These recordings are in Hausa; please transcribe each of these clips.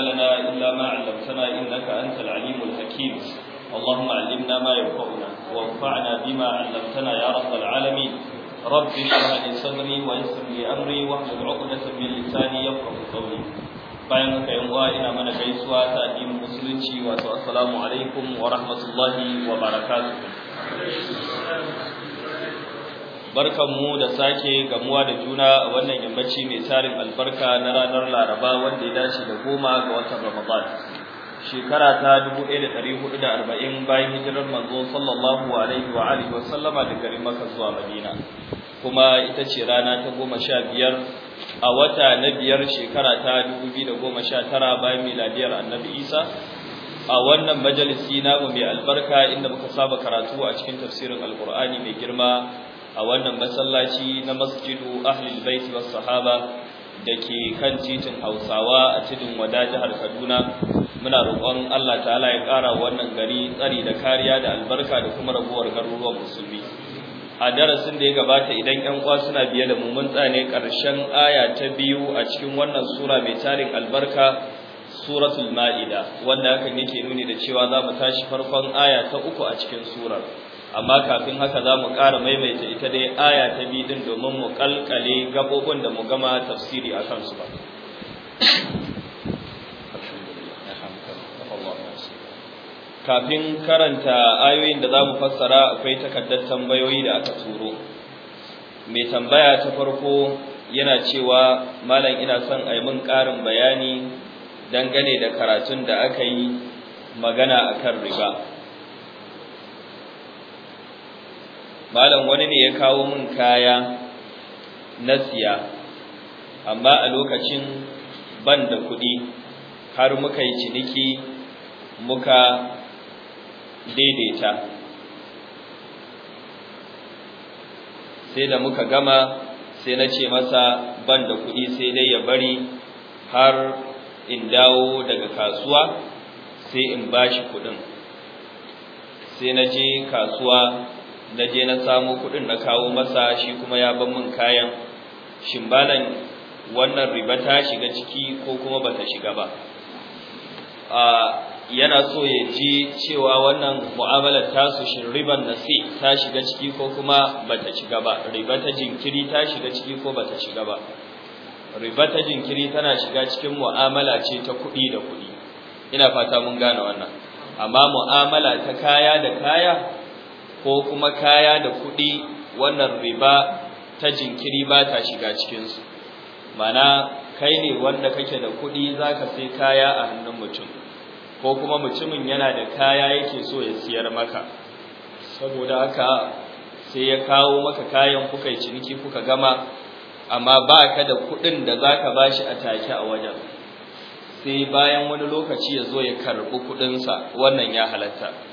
لنا إلا ما علمتنا إنك أنت العليم الحكيم اللهم علمنا ما ينفعنا وانفعنا بما علمتنا يا رب العالمين رب اشرح لي صدري ويسر لي أمري واحلل عقدة من لساني يفقه قولي bayan haka yan uwa ina mana gaisuwa ta addinin musulunci wato assalamu alaikum wa rahmatullahi wa barakatuh barkanmu da sake gamuwa da juna a wannan yammaci mai tarin albarka na ranar Laraba wanda ya dace da goma ga watan Ramadan shekara ta 1440 bayan hijirar manzo sallallahu alaihi wa alihi wa sallama daga Makka zuwa Madina kuma ita ce rana ta 15 a wata na biyar shekara ta 2019 bayan miladiyar Annabi Isa a wannan majalisi namu mai albarka inda muka saba karatu a cikin tafsirin Alkur'ani mai girma a wannan masallaci na masjidu ahlul bait was sahaba dake kan titin Hausawa a cikin wada jihar Kaduna muna roƙon Allah ta'ala ya ƙara wannan gari tsari da kariya da albarka da kuma rabuwar garuruwan musulmi a darasin da ya gabata idan ƴan kwa suna biye da mu mun tsane ƙarshen aya ta biyu a cikin wannan sura mai tarin albarka suratul ma'ida wanda hakan yake nuni da cewa za mu tashi farkon aya ta uku a cikin surar amma kafin haka za mu ƙara maimaita ita dai aya ta biyu din domin mu kalkale gabobin da mu gama tafsiri a kansu ba kafin karanta ayoyin da za mu fassara akwai takardar tambayoyi da aka turo mai tambaya ta farko yana cewa malam ina son a yi min ƙarin bayani dangane da karatun da aka yi magana a kan riba malam wani ne ya kawo min kaya na siya amma a lokacin ban da kuɗi har muka yi ciniki muka daidaita sai da muka gama sai na ce masa ban da kuɗi sai dai ya bari har in dawo daga kasuwa sai in bashi kuɗin sai na je kasuwa na je na samu kuɗin na kawo masa shi kuma ya ban min kayan balan wannan riba ta shiga ciki ko kuma ba ta shiga ba a yana so ya ji cewa wannan mu'amalar su shin riban nasi ta shiga ciki ko kuma ba ta shiga ba riba ta jinkiri ta shiga ciki ko ba ta shiga ba riba ta jinkiri tana shiga cikin mu'amala ce ta kuɗi da kuɗi ina fata mun gane wannan amma mu'amala ta kaya da kaya ko kuma kaya da kuɗi wannan riba ta jinkiri ba ta shiga cikinsu mana kai ne wanda kake da kuɗi za ka sai kaya a hannun mutum ko kuma mutumin yana da kaya yake so ya siyar maka saboda haka sai ya kawo maka kayan kuka ciniki kuka gama amma ba ka da kuɗin da za ka bashi a take a wajen sai bayan wani lokaci ya zo ya karɓi kuɗinsa wannan ya halatta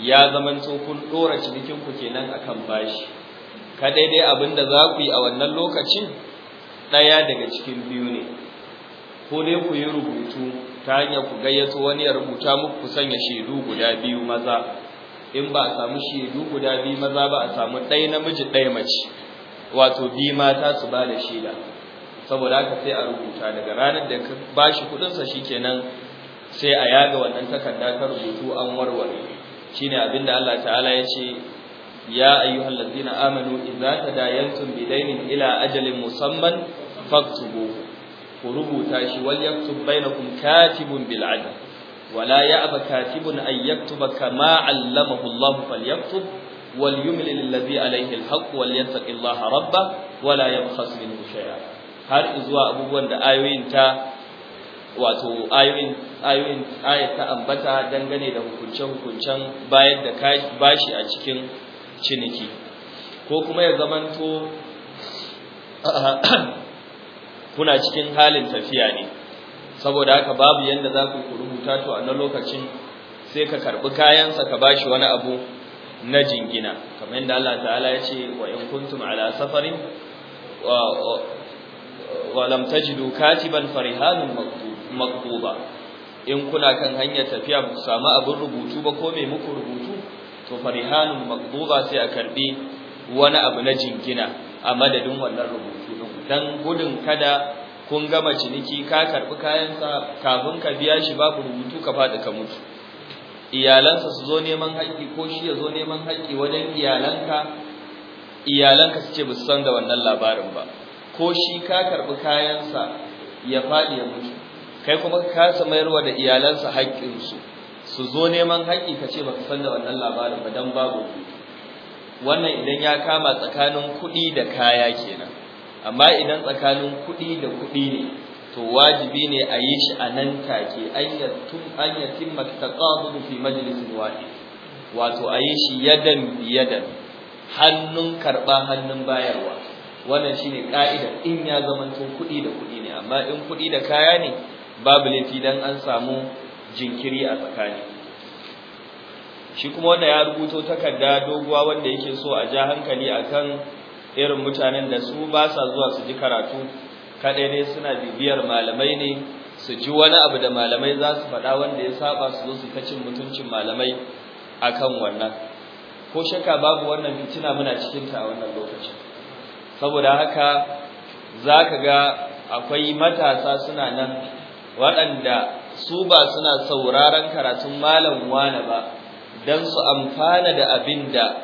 ya zaman kun dora cinikin ku kenan akan bashi ka daidai abinda za ku yi a wannan lokacin Ɗaya daga cikin biyu ne ko dai ku yi rubutu ta hanyar ku gayyato wani ya rubuta muku ku sanya shaidu guda biyu maza in ba a samu shaidu guda biyu maza ba a samu ɗaya namiji ɗaya mace wato bi mata su ba da shaida saboda haka sai a rubuta daga ranar da ka bashi kudinsa shikenan sai a yaga wannan takarda ta rubutu an warware shine abinda Allah ta'ala ya ce ya ayyuhallazina amanu idza tadayantum bidainin ila ajalin musamman faktubu ku rubuta shi wal yaktub bainakum katibun bil adl wala ya'ba katibun ay yaktuba kama 'allamahu Allah falyaktub wal yumlil alladhi alayhi al haqq wal yattaqillaha rabbah wala yabkhas minhu shay'a har zuwa abubuwan da ayoyin ta wato ayoyin ayoyin ayat ta ambata dangane da hukunce-hukuncen bayar da bashi a cikin ciniki ko kuma ya zamanto kuna cikin halin tafiya ne saboda haka babu yanda za ku rubuta to a na lokacin sai ka karbi kayansa ka bashi wani abu na jingina kamar yadda Allah ta'ala ya ce wa in kuntum ala safarin wa lam tajidu katiban farihanun Makbuba, in kuna kan hanyar tafiya ku samu abin rubutu ba ko mai muku rubutu to farihanun Makbuba sai a karbi wani abu na jingina a madadin wannan rubutu din dan gudun kada kun gama ciniki ka karbi kayansa kafin ka biya shi babu rubutu ka fada ka mutu iyalansa su zo neman haƙƙi ko shi ya zo neman haƙƙi wajen iyalanka iyalanka su ce ba su san da wannan labarin ba ko shi ka karbi kayansa ya faɗi ya mutu kai kuma ka kasa mayarwa da iyalansa haƙƙinsu su zo neman haƙƙi ka ce ba ka san da wannan labarin ba don babu wannan idan ya kama tsakanin kuɗi da kaya kenan amma idan tsakanin kuɗi da kuɗi ne to wajibi ne a yi shi a nan take an yatimma taqadudu fi majlisin waɗi wato a yi shi yadan biyadan hannun karɓa hannun bayarwa wannan shine ka'idar in ya zamanto kuɗi da kuɗi ne amma in kuɗi da kaya ne babu laifi dan an samu jinkiri a tsakani shi kuma wanda ya rubuto takarda doguwa wanda yake so a ja hankali akan irin mutanen da su ba sa zuwa su ji karatu kadai ne suna bibiyar malamai ne su ji wani abu da malamai za su faɗa wanda ya saba su zo su kacin mutuncin malamai akan wannan ko shakka babu wannan fitina muna cikin ta a wannan lokacin saboda haka za ka ga akwai matasa suna nan waɗanda su ba suna sauraron karatun malam wane ba don su amfana da abin da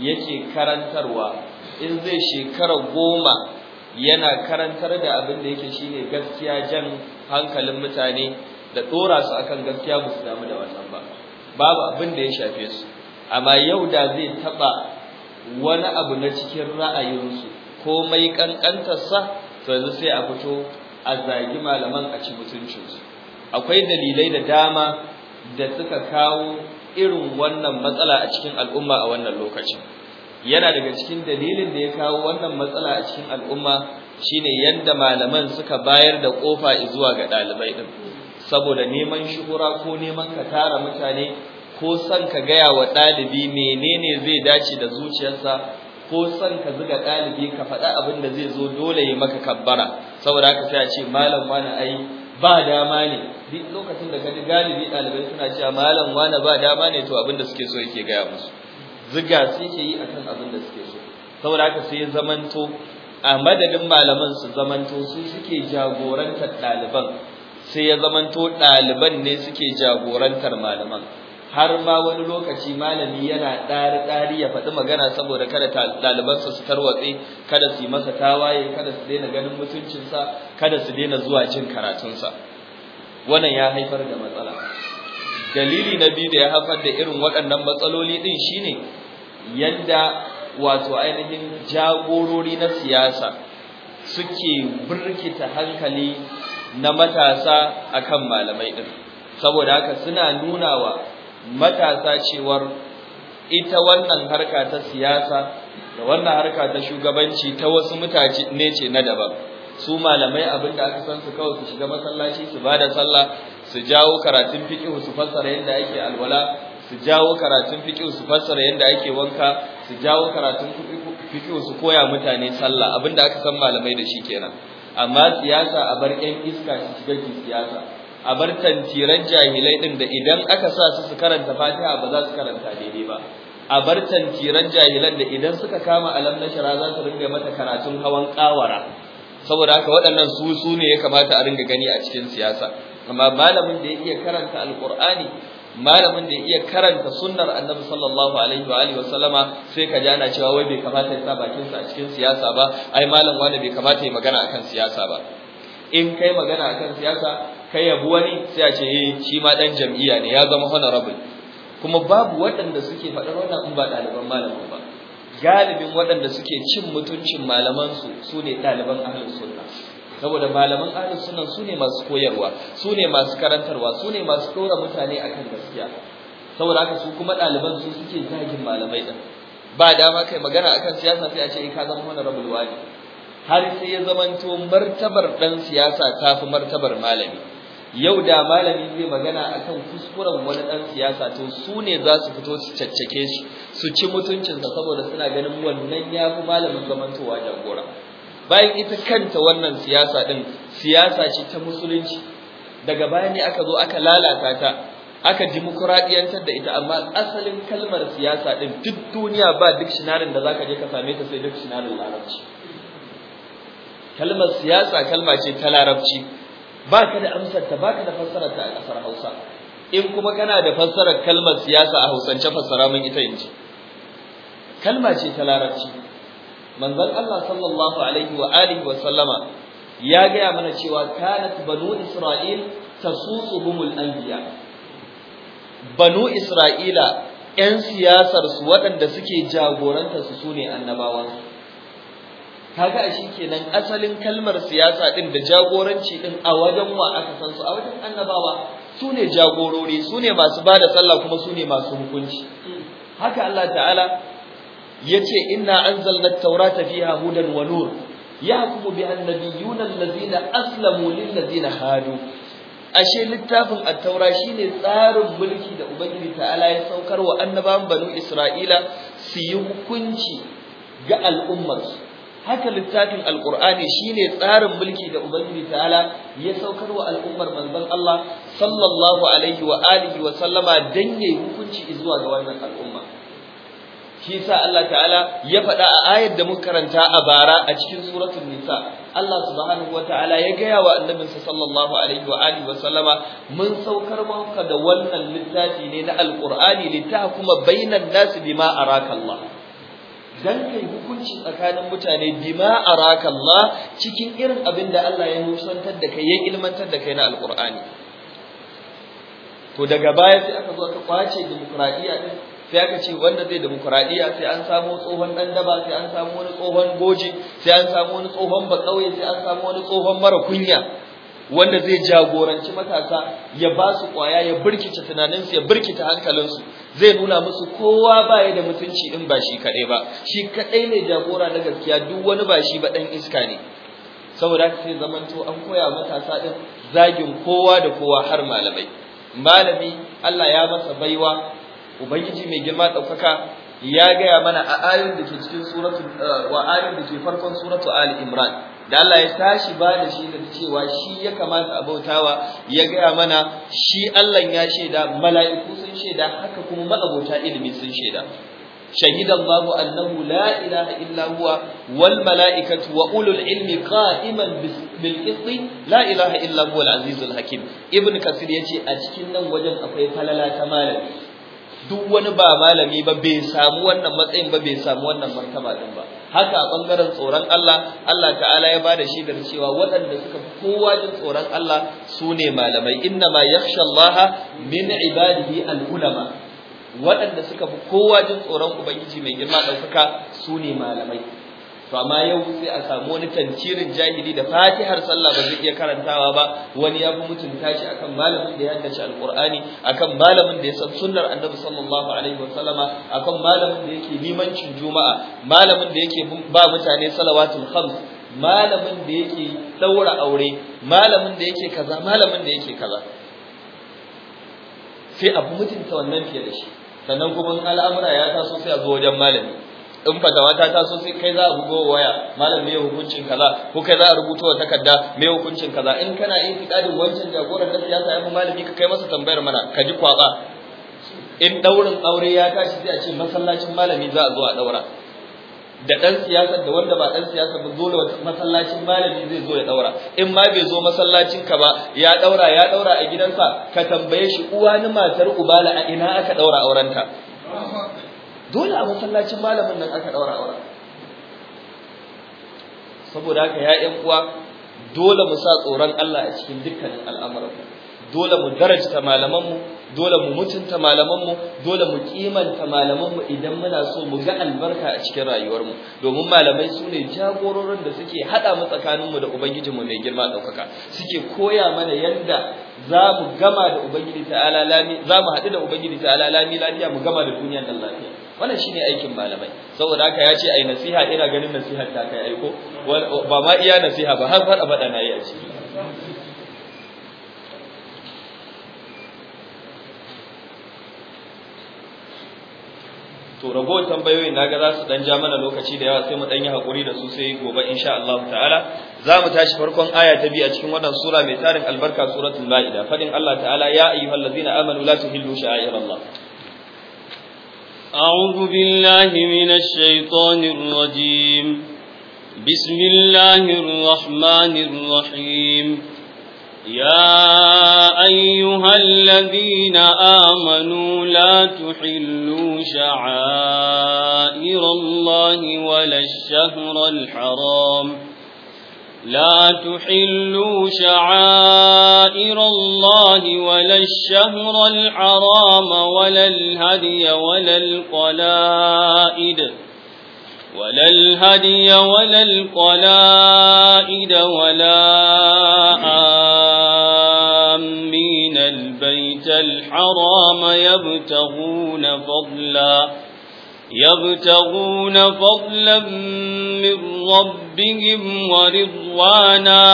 yake karantarwa in zai shekara goma yana karantar da abin da yake shine gaskiya jan hankalin mutane da ɗora su akan gaskiya ba su damu da wasan ba babu abin da ya shafe su amma yau da zai taɓa wani abu na cikin ra'ayinsu komai ƙanƙantarsa sa yanzu sai a fito a zagi malaman a ci mutuncinsu akwai dalilai da dama da suka kawo irin wannan matsala a cikin al'umma a wannan lokacin yana daga cikin dalilin da ya kawo wannan matsala a cikin al'umma shine yadda malaman suka bayar da kofa zuwa ga ɗalibai ɗin saboda neman shuhura ko neman ka tara mutane ko son ka gaya wa ɗalibi menene zai dace da zuciyarsa ko son ka zuga ɗalibi ka faɗa abin da zai zo dole ya maka kabbara saboda haka sai a ce malam wani ai ba dama ne duk lokacin da kaji galibi ɗalibai suna cewa malam wani ba dama ne to abin suke so yake gaya musu ziga sai ke yi akan abin suke so saboda haka sai zamanto a madadin malaman su zamanto su suke jagorantar ɗaliban sai ya zamanto ɗaliban ne suke jagorantar malaman har ma wani lokaci malami yana ɗari ɗari ya faɗi magana saboda kada ɗalibansa su tarwatse kada su yi masa tawaye kada su daina ganin mutuncinsa kada su daina zuwa cin karatunsa wannan ya haifar da matsala dalili na biyu da ya haifar da irin waɗannan matsaloli ɗin shine yadda wato ainihin jagorori na siyasa suke birkita hankali na matasa akan malamai ɗin saboda haka suna nuna wa. matasa cewar ita wannan harka ta siyasa da wannan harka ta shugabanci ta wasu mutaci ne ce na daban su malamai abin da aka san su kawai su shiga masallaci su bada sallah su jawo karatun fiqh su fassara yadda ake alwala su jawo karatun fiqh su fassara yadda ake wanka su jawo karatun fiqh su koya mutane sallah abin da aka san malamai da shi kenan amma siyasa a bar 'yan iska su shiga siyasa a bar tantiran jahilai din da idan aka sa su su karanta Fatiha ba za su karanta daidai ba a bar tantiran jahilan da idan suka kama alam na shara za su ringa mata karatun hawan kawara saboda haka waɗannan su su ne ya kamata a ringa gani a cikin siyasa amma malamin da ya iya karanta alqur'ani malamin da ya iya karanta sunnar annabi sallallahu alaihi wa alihi sallama sai ka jana cewa wai bai kamata ya sa bakin a cikin siyasa ba ai malam wanda bai kamata ya magana akan siyasa ba in kai magana akan siyasa kai yabu wani sai a ce eh shi ma dan jam'iyya ne ya zama honorable kuma babu waɗanda suke faɗar wannan in ba ɗaliban malaman ba galibin waɗanda suke cin mutuncin malaman su sune ɗaliban ahlus sunna saboda malaman ahlus sunna sune masu koyarwa sune masu karantarwa sune masu ɗora mutane akan gaskiya saboda haka su kuma ɗaliban su suke zagin malamai din ba dama kai magana akan siyasa sai a ce eh, ka zama honorable wani har sai ya zamanto martabar dan siyasa tafi martabar malami yau da malami zai magana akan kuskuren wani ɗan siyasa to su ne za su fito su caccake shi su ci mutuncinsa saboda suna ganin wannan ya fi malamin zamantowa gora bayan ita kanta wannan siyasa ɗin, siyasa ce ta musulunci daga baya ne aka zo aka lalata ta aka dimokuraɗiyantar da ita amma asalin kalmar siyasa ɗin duk duniya ba duk shinarin da zaka je ka same ta sai duk shinarin larabci kalmar siyasa kalma ce ta larabci baka da amsar ta baka da fassarar ta a kasar Hausa in kuma kana da fassarar kalmar siyasa a Hausance fassara min ita inji kalma ce ta larabci manzon Allah sallallahu alaihi wa alihi wa sallama ya gaya mana cewa kanat banu isra'il tasusuhumul anbiya banu isra'ila 'yan siyasarsu waɗanda suke jagorantarsu su sune annabawansu kaga shi kenan asalin kalmar siyasa din da jagoranci din a wajen wa aka san su a wajen annabawa su ne jagorori su ne masu bada sallah kuma su ne masu hukunci haka Allah ta'ala yace inna anzalna at-taurata fiha hudan wa nur yahkumu bi annabiyuna allazina aslamu lil ladina hadu ashe littafin at-taura shine tsarin mulki da ubangiji ta'ala ya saukar wa annabawan banu isra'ila su yi hukunci ga al'ummarsu haka littafin alkurani shine tsarin mulki da ubangiji ta'ala ya saukar wa al'ummar manzon Allah sallallahu alaihi wa alihi wa sallama dan yayi hukunci zuwa ga wannan al'umma shi sa Allah ta'ala ya faɗa a ayar da muka karanta a bara a cikin suratul nisa Allah subhanahu wa ta'ala ya gaya wa annabinsa sallallahu alaihi wa alihi wa sallama mun saukar maka da wannan littafi ne na alqur'ani litahkuma bainan nas bima araka dan kai hukunci tsakanin mutane bima araka cikin irin abin da Allah ya nusantar da kai ya ilmantar da kai na alqur'ani to daga baya sai aka zo aka kwace demokradiya din sai aka ce wanda zai demokradiya sai an samu tsohon dan daba sai an samu wani tsohon goji sai an samu wani tsohon bakauye sai an samu wani tsohon mara kunya wanda zai jagoranci matasa ya ba su kwaya ya birkice tunaninsu ya birkice hankalinsu zai nuna musu kowa ba ya da mutunci in ba shi kaɗai ba shi kaɗai ne jagora na gaskiya duk wani ba shi ba ɗan iska ne saboda haka sai zamanto an koya matasa ɗin zagin kowa da kowa har malamai malami Allah ya masa baiwa ubangiji mai girma ɗaukaka ya gaya mana a ayoyin da ke cikin suratu eh, wa ayoyin da ke farkon suratu Ali Imran da ya tashi ba da shi da cewa shi ya kamata a bautawa ya gaya mana shi Allah ya shaida mala'iku sun shaida haka kuma ma'abota ilimi sun shaida shahida Allahu annahu la ilaha illa mala'ikatu wa ulul ilmi qa'iman bil qisti la ilaha al hakim ibn kasir ce a cikin nan wajen akwai falala ta malami duk wani ba malami ba bai samu wannan matsayin ba bai samu wannan martaba din ba haka a bangaren tsoron Allah Allah ta'ala ya bada shi da cewa waɗanda suka kowa jin tsoron Allah su ne malamai inna ma yakhsha Allah min ibadihi al-ulama waɗanda suka fi kowa jin tsoron ubangiji mai girma ɗaukaka su ne malamai to amma yau sai a samu wani tantirin jahili da fatihar sallah ba zai iya karantawa ba wani ya fi mutunta shi akan malamin da ya haddace alqur'ani akan malamin da ya san sunnar annabi sallallahu alaihi wa sallama akan malamin da yake limancin juma'a malamin da yake ba mutane salawatul khams malamin da yake daura aure malamin da yake kaza malamin da yake kaza sai abu mutunta wannan fiye da shi sannan kuma al'amura ya taso sai a zo wajen malami in wata ta taso sai kai za a bugo waya malam me hukuncin kaza ko kai za a rubuto wa takarda me hukuncin kaza in kana yin ikadin wancan jagoran na siyasa ya fi malami ka kai masa tambayar mana ka ji kwaba in daurin aure ya tashi sai a ce masallacin malami za a zo a daura da dan siyasa da wanda ba dan siyasa ba zo masallacin malami zai zo ya daura in ma bai zo masallacin ka ba ya daura ya daura a gidansa ka tambaye shi uwa ni matar ubala a ina aka daura aurenta dole a masallacin malamin nan aka daura aure saboda haka ya uwa dole mu sa tsoron Allah a cikin dukkanin al'amuran dole mu darajta malaman mu dole mu mutunta malaman mu dole mu kimanta malaman mu idan muna so mu ga albarka a cikin rayuwar mu domin malamai su ne jagororin da suke hada mu tsakanin mu da ubangiji mu mai girma daukaka suke koya mana yanda za mu gama da ubangiji ta'ala lami za mu hadu da ubangiji ta'ala lami lafiya mu gama da duniyar nan lafiya wannan shine aikin malamai saboda haka ya ce ai nasiha ina ganin nasiha ta kai aiko ba ma iya nasiha ba har fada fada nayi a ciki to rago tambayoyin naga za su dan ja mana lokaci da yawa sai mu dan yi hakuri da su sai gobe insha Allah ta'ala za mu tashi farkon aya ta biyu a cikin wannan sura mai tarin albarka suratul maida fadin Allah ta'ala ya ayyuhallazina amanu la tuhillu sha'airallah أعوذ بالله من الشيطان الرجيم بسم الله الرحمن الرحيم يا أيها الذين آمنوا لا تحلوا شعائر الله ولا الشهر الحرام لا تحلوا شعائر الله ولا الشهر الحرام ولا الهدي ولا القلائد ولا الهدي ولا القلائد ولا آمين البيت الحرام يبتغون فضلاً يبتغون فضلا من ربهم ورضوانا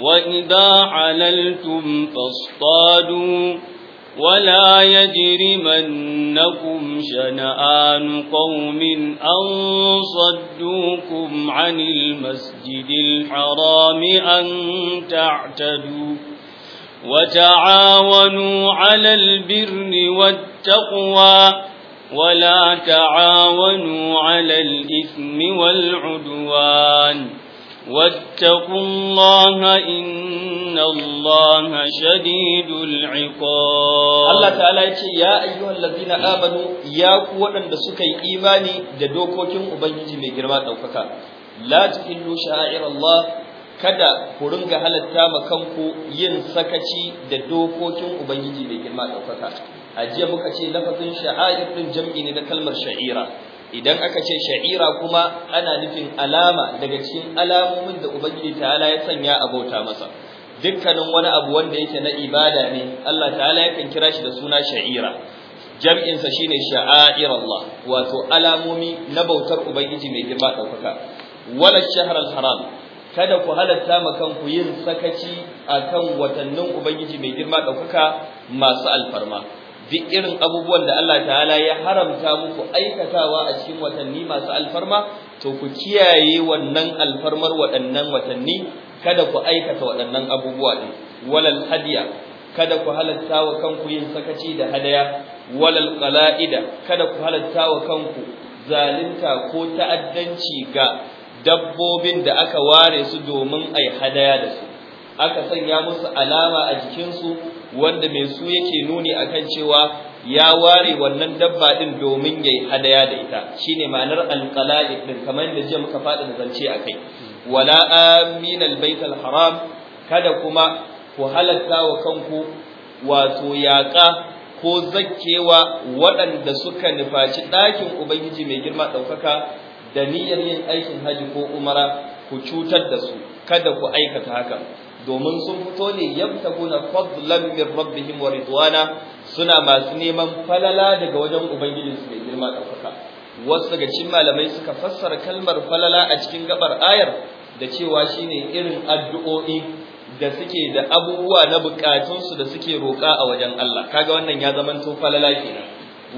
وإذا عللتم فاصطادوا ولا يجرمنكم شنآن قوم أن صدوكم عن المسجد الحرام أن تعتدوا وتعاونوا على البر والتقوى ولا تعاونوا على الإثم والعدوان واتقوا الله إن الله شديد العقاب الله تعالى يا أيها الذين آمنوا يا قوة لسكي إيماني جدوكوكم أبنجي مجرمات أو فكا لا تحلوا شعائر الله kada ku ringa halatta ma kanku yin sakaci da dokokin Ubangiji mai girma ɗaukaka. A jiya muka ce lafazin sha'air din jam'i ne na kalmar sha'ira idan aka ce sha'ira kuma ana nufin alama daga cikin alamomin da ubangiji ta'ala ya sanya a bauta masa dukkanin wani abu wanda yake na ibada ne Allah ta'ala yakan kira shi da suna sha'ira jam'in sa shine sha'airallah wato alamomi na bautar ubangiji mai girma daukaka wala shahrul haram kada ku halatta ma ku yin sakaci akan watannin ubangiji mai girma daukaka masu alfarma duk irin abubuwan da Allah ta'ala ya haramta muku aikatawa a cikin watanni masu alfarma to ku kiyaye wannan alfarmar waɗannan watanni kada ku aikata waɗannan abubuwa ɗin walal hadiya kada ku halatta wa kanku yin sakaci da hadaya walal qala'ida kada ku halatta wa kanku zalunta ko ta'addanci ga dabbobin da aka ware su domin ai hadaya da su aka sanya musu alama a jikinsu wanda mai su yake nuni a kan cewa ya ware wannan dabba ɗin domin ya yi hadaya da ita shine ma'anar alƙala'i ɗin kamar yadda jiya muka faɗa da zance a kai. wala amin albayt alharam kada kuma ku halatta wa kanku wato yaƙa ko zakkewa waɗanda suka nufaci ɗakin ubangiji mai girma ɗaukaka da niyyar yin aikin haji ko umara ku cutar da su kada ku aikata haka domin sun fito ne yabtaguna fadlan min rabbihim wa ridwana suna masu neman falala daga wajen ubangijinsu mai girma fuka wasu daga cikin malamai suka fassara kalmar falala a cikin gabar ayar da cewa shine irin addu'o'i da suke da abubuwa na bukatunsu da suke roka a wajen Allah kaga wannan ya zamanto falala kenan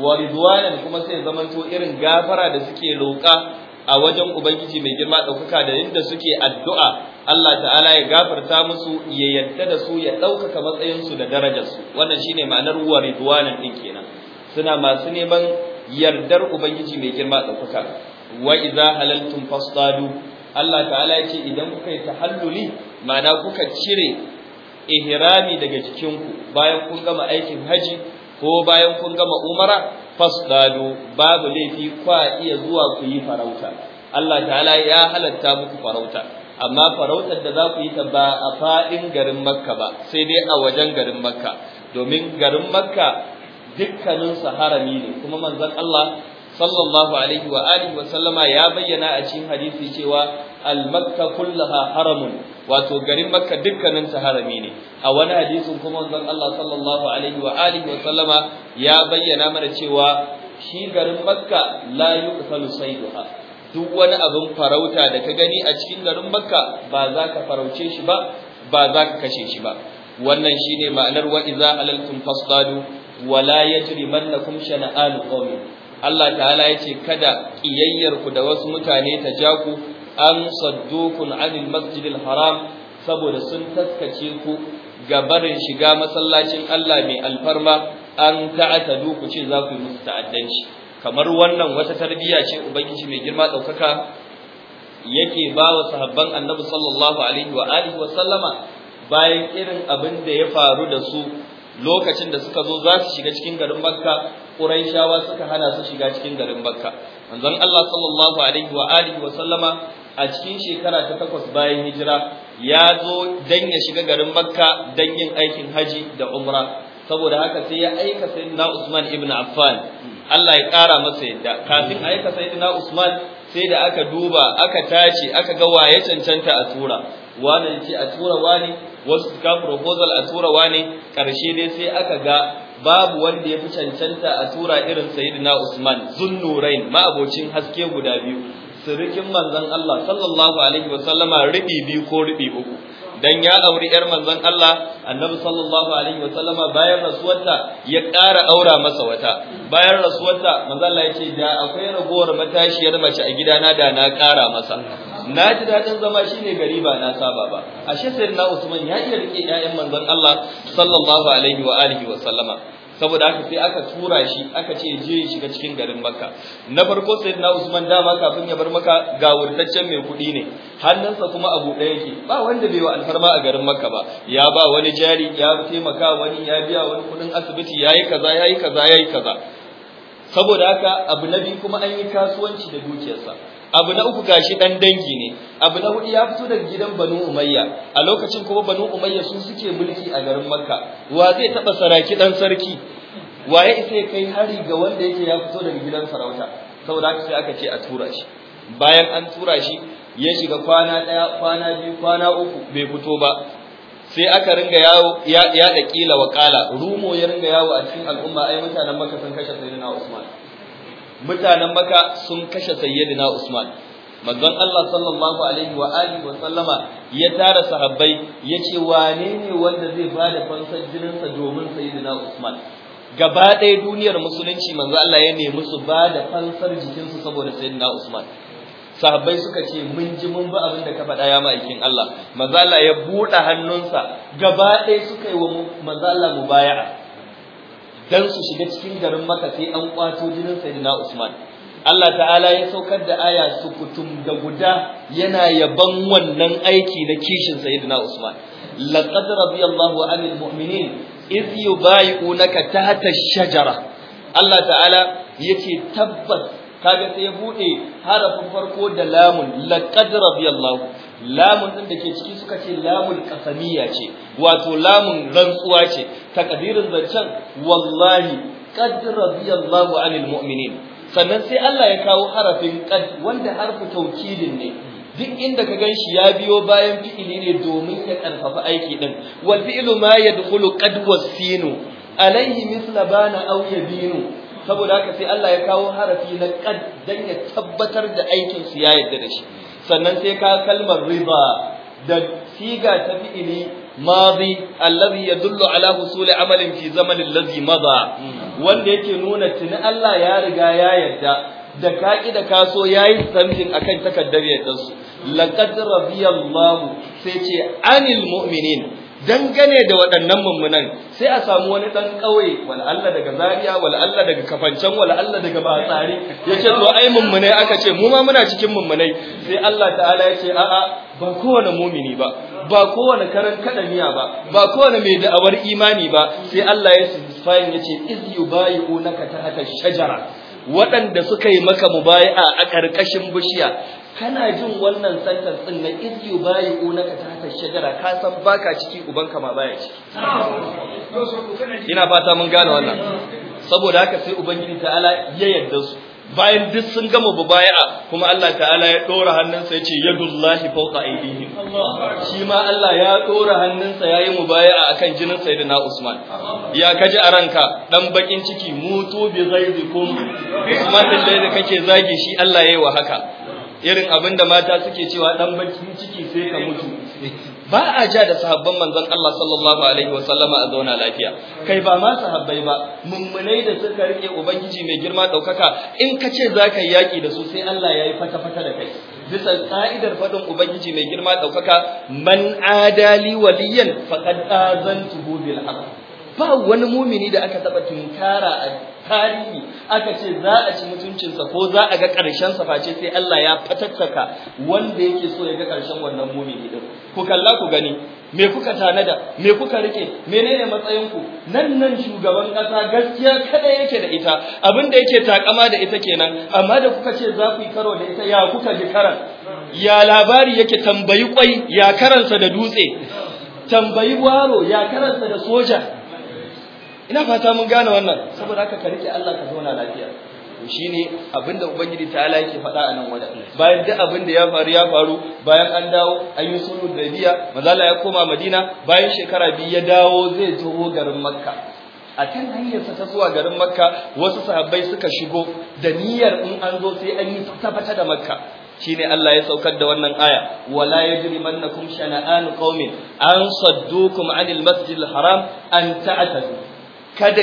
wa ridwana kuma sai zamanto irin gafara da suke roƙa a wajen ubangiji mai girma ɗaukaka da yadda suke addu'a Allah ta'ala ya gafarta musu ya yadda da su ya ɗaukaka matsayinsu da darajarsu wannan shine ma'anar wa ridwanan din kenan suna masu neman yardar ubangiji mai girma ɗaukaka wa iza halartun fasadu Allah ta'ala ya ce idan kuka yi tahalluli ma'ana kuka cire ihrami daga jikinku bayan kun gama aikin haji ko bayan kun gama umara fasdalu babu laifi kwa iya zuwa ku yi farauta Allah ta'ala ya halatta muku farauta amma farautar da za ku yi ta ba a fadin garin Makka ba sai dai a wajen garin Makka domin garin Makka dukkanin su harami ne kuma manzon Allah sallallahu alaihi wa alihi wa sallama ya bayyana a cikin hadisi cewa al kullaha haramun wato garin makka dukkanin ta harami ne a wani hadisin kuma wanzan Allah sallallahu alaihi wa alihi wa sallama ya bayyana mana cewa shi garin makka la yuqtalu sayduha duk wani abin farauta da ka gani a cikin garin makka ba za ka farauce shi ba ba za ka kashe shi ba wannan shine ma'anar wa iza alaltum fasdadu wa la yajrimannakum shana'anu qawmin Allah ta'ala yace kada kiyayyar ku da wasu mutane ta ja ku an saddukun anil masjidil haram saboda sun taskace ku ga barin shiga masallacin Allah mai alfarma an ta'ata duku ce za ku yi musu ta'addanci kamar wannan wata tarbiyya ce ubangiji mai girma ɗaukaka yake ba wa sahabban annabi sallallahu alaihi wa alihi wa sallama bayan irin abin da ya faru da su lokacin da suka zo za su shiga cikin garin makka Qurayshawa suka hana su shiga cikin garin Bakka. manzon Allah sallallahu alaihi wa alihi wa sallama a cikin shekara ta takwas bayan hijira ya zo dan ya shiga garin Bakka dan yin aikin haji da umra saboda haka sai ya aika sayyidina Usman ibn Affan Allah ya ƙara masa yadda kafin aika sayyidina Usman sai da aka duba aka tace aka ga waye cancanta a tura wani ce a tura wani wasu suka proposal a tura wani karshe dai sai aka ga babu wanda ya fi cancanta a tura irin sayyidina Usman zunnurain ma'abocin haske guda biyu surukin manzon Allah sallallahu alaihi wasallama ribi biyu ko ribi uku dan ya auri yar manzon Allah annabi sallallahu alaihi wasallama bayan rasuwarta ya ƙara aura masa wata bayan rasuwarta manzon Allah ya ce da akwai ragowar matashiyar mace a gidana da na ƙara masa na ji dadin zama shine gari ba na saba ba ashe na Usman ya iya rike yayan manzon Allah sallallahu alaihi wa alihi wa sallama saboda haka sai aka tura shi aka ce je ya shiga cikin garin Makka na farko na Usman dama kafin ya bar maka ga wurtaccen mai kuɗi ne hannunsa kuma abu ɗaya yake ba wanda bai wa alfarma a garin Makka ba ya ba wani jari ya taimaka wani ya biya wani kuɗin asibiti yayi kaza yayi kaza yayi kaza saboda haka abu na biyu kuma an yi kasuwanci da dukiyarsa abu na uku gashi dan dangi ne abu na hudu ya fito daga gidan banu umayya a lokacin kuma banu umayya su suke mulki a garin makka wa zai taba saraki dan sarki wa ya isa ya kai hari ga wanda yake ya fito daga gidan sarauta saboda haka sai aka ce a tura shi bayan an tura shi ya shiga kwana daya kwana biyu kwana uku bai fito ba sai aka ringa yawo ya da kila wa rumo ya ringa yawo a cikin al'umma ai mutanen makka sun kashe sayyidina usman mutanen maka sun kashe sayyidina usman manzon Allah sallallahu alaihi wa alihi wa sallama ya tara sahabbai ya wane ne wanda zai ba da fansar jinin sa domin sayyidina usman gaba ɗaya duniyar musulunci manzo Allah ya nemi su da fansar jikinsu saboda sayyidina usman sahabbai suka ce mun ji mun bi abin da ka faɗa ya ma'aikin Allah manzo Allah ya buɗe hannunsa gaba ɗaya suka yi wa manzo Allah mubaya'a dan su shiga cikin garin Makka sai an kwato jinin Sayyidina Usman Allah ta'ala ya saukar da aya su kutum da guda yana yaban wannan aiki na kishin Sayyidina Usman laqad radiyallahu anil mu'minin idh yubayi'unaka tahta shajara Allah ta'ala yace tabbas kaga sai ya bude harafin farko da lamun laqad radiyallahu lamun din da ke ciki suka ce lamun kasamiya ce wato lamun rantsuwa ce kadirin zancen wallahi qad radiyallahu anil mu'minin sannan sai Allah ya kawo harafin qad wanda harfu taukidin ne duk inda ka ganshi ya biyo bayan fi'ili ne domin ya karfafa aiki din wal fi'lu ma yadkhulu qad wasinu alaihi mithla bana aw yabinu saboda haka sai Allah ya kawo harafi na qad dan ya tabbatar da aikin su ya yadda da shi sannan sai ka kalmar riba da siga ta fi'ili madi allazi yadullu ala husuli amalin fi zamanin ladhi maza. Hmm. wanda yake nuna tuni Allah ya riga ya yarda da kaki da kaso yayi samjin akan takaddar Yadda su laqad rabbiyallahu sai ce anil mu'minin dangane da waɗannan mummunan sai a samu wani ɗan ƙauye wala Allah daga zariya wala Allah daga Kafancan wala Allah daga Batsari yace to ai mummunai aka ce mu ma muna cikin mummunai sai Allah ta'ala yace a'a ba kowane mumini ba ba kowane karan kadamiya ba ba kowane mai da'awar imani ba sai Allah ya sifayin yace iz ta haka shajara waɗanda suka yi maka mubayi'a a ƙarƙashin bishiya kana jin wannan santar din na bayi yubayi'una ka tahta shajara ka san baka ciki ubanka ma baya ciki ina fata mun gane wannan saboda haka sai ubangiji ta'ala ya yarda su bayan duk sun gama mubaya'a kuma Allah ta'ala ya dora hannunsa ya ce yadullahi fawqa aydihim shi ma Allah ya dora hannunsa yayi mubaya'a akan jinin sayyidina Usman ya kaji a ranka dan bakin ciki mutu bi ghaizikum Usman din da kake zagi shi Allah yayi wa haka irin abin da mata suke cewa dan bakin ciki sai ka mutu ba a ja da sahabban manzon Allah sallallahu alaihi wa sallama a zauna lafiya kai ba ma sahabbai ba mummunai da suka rike ubangiji mai girma daukaka in ka ce zaka yaki da su sai Allah yayi fata fata da kai bisa ka'idar fadin ubangiji mai girma daukaka man adali waliyan faqad azantuhu bil haqq ba wani mumini da aka taba tunkara a tarihi aka ce za a ci mutuncinsa ko za a ga ƙarshen sa face sai Allah ya fatattaka wanda yake so ya ga ƙarshen wannan mumini din ku kalla ku gani me kuka tanada me kuka rike menene matsayin ku nan nan shugaban ƙasa gaskiya kada yake da ita abin da yake takama da ita kenan amma da kuka ce za ku yi karo da ita ya kuka ji karan ya labari yake tambayi kwai ya karansa da dutse tambayi waro ya karansa da soja ina fata mun gane wannan saboda haka ka rike Allah ka zauna lafiya shine abinda ubangiji ta'ala yake faɗa a nan wajen bayan duk abinda ya faru ya faru bayan an dawo an yi sulhu da biya mazala ya koma madina bayan shekara biyu ya dawo zai taho garin makka a kan hanyarsa ta zuwa garin makka wasu sahabbai suka shigo da niyyar in an zo sai an yi tabbata da makka shine Allah ya saukar da wannan aya wala yajrimannakum shana'an qaumin an saddukum anil masjidil haram an ta'tadu kada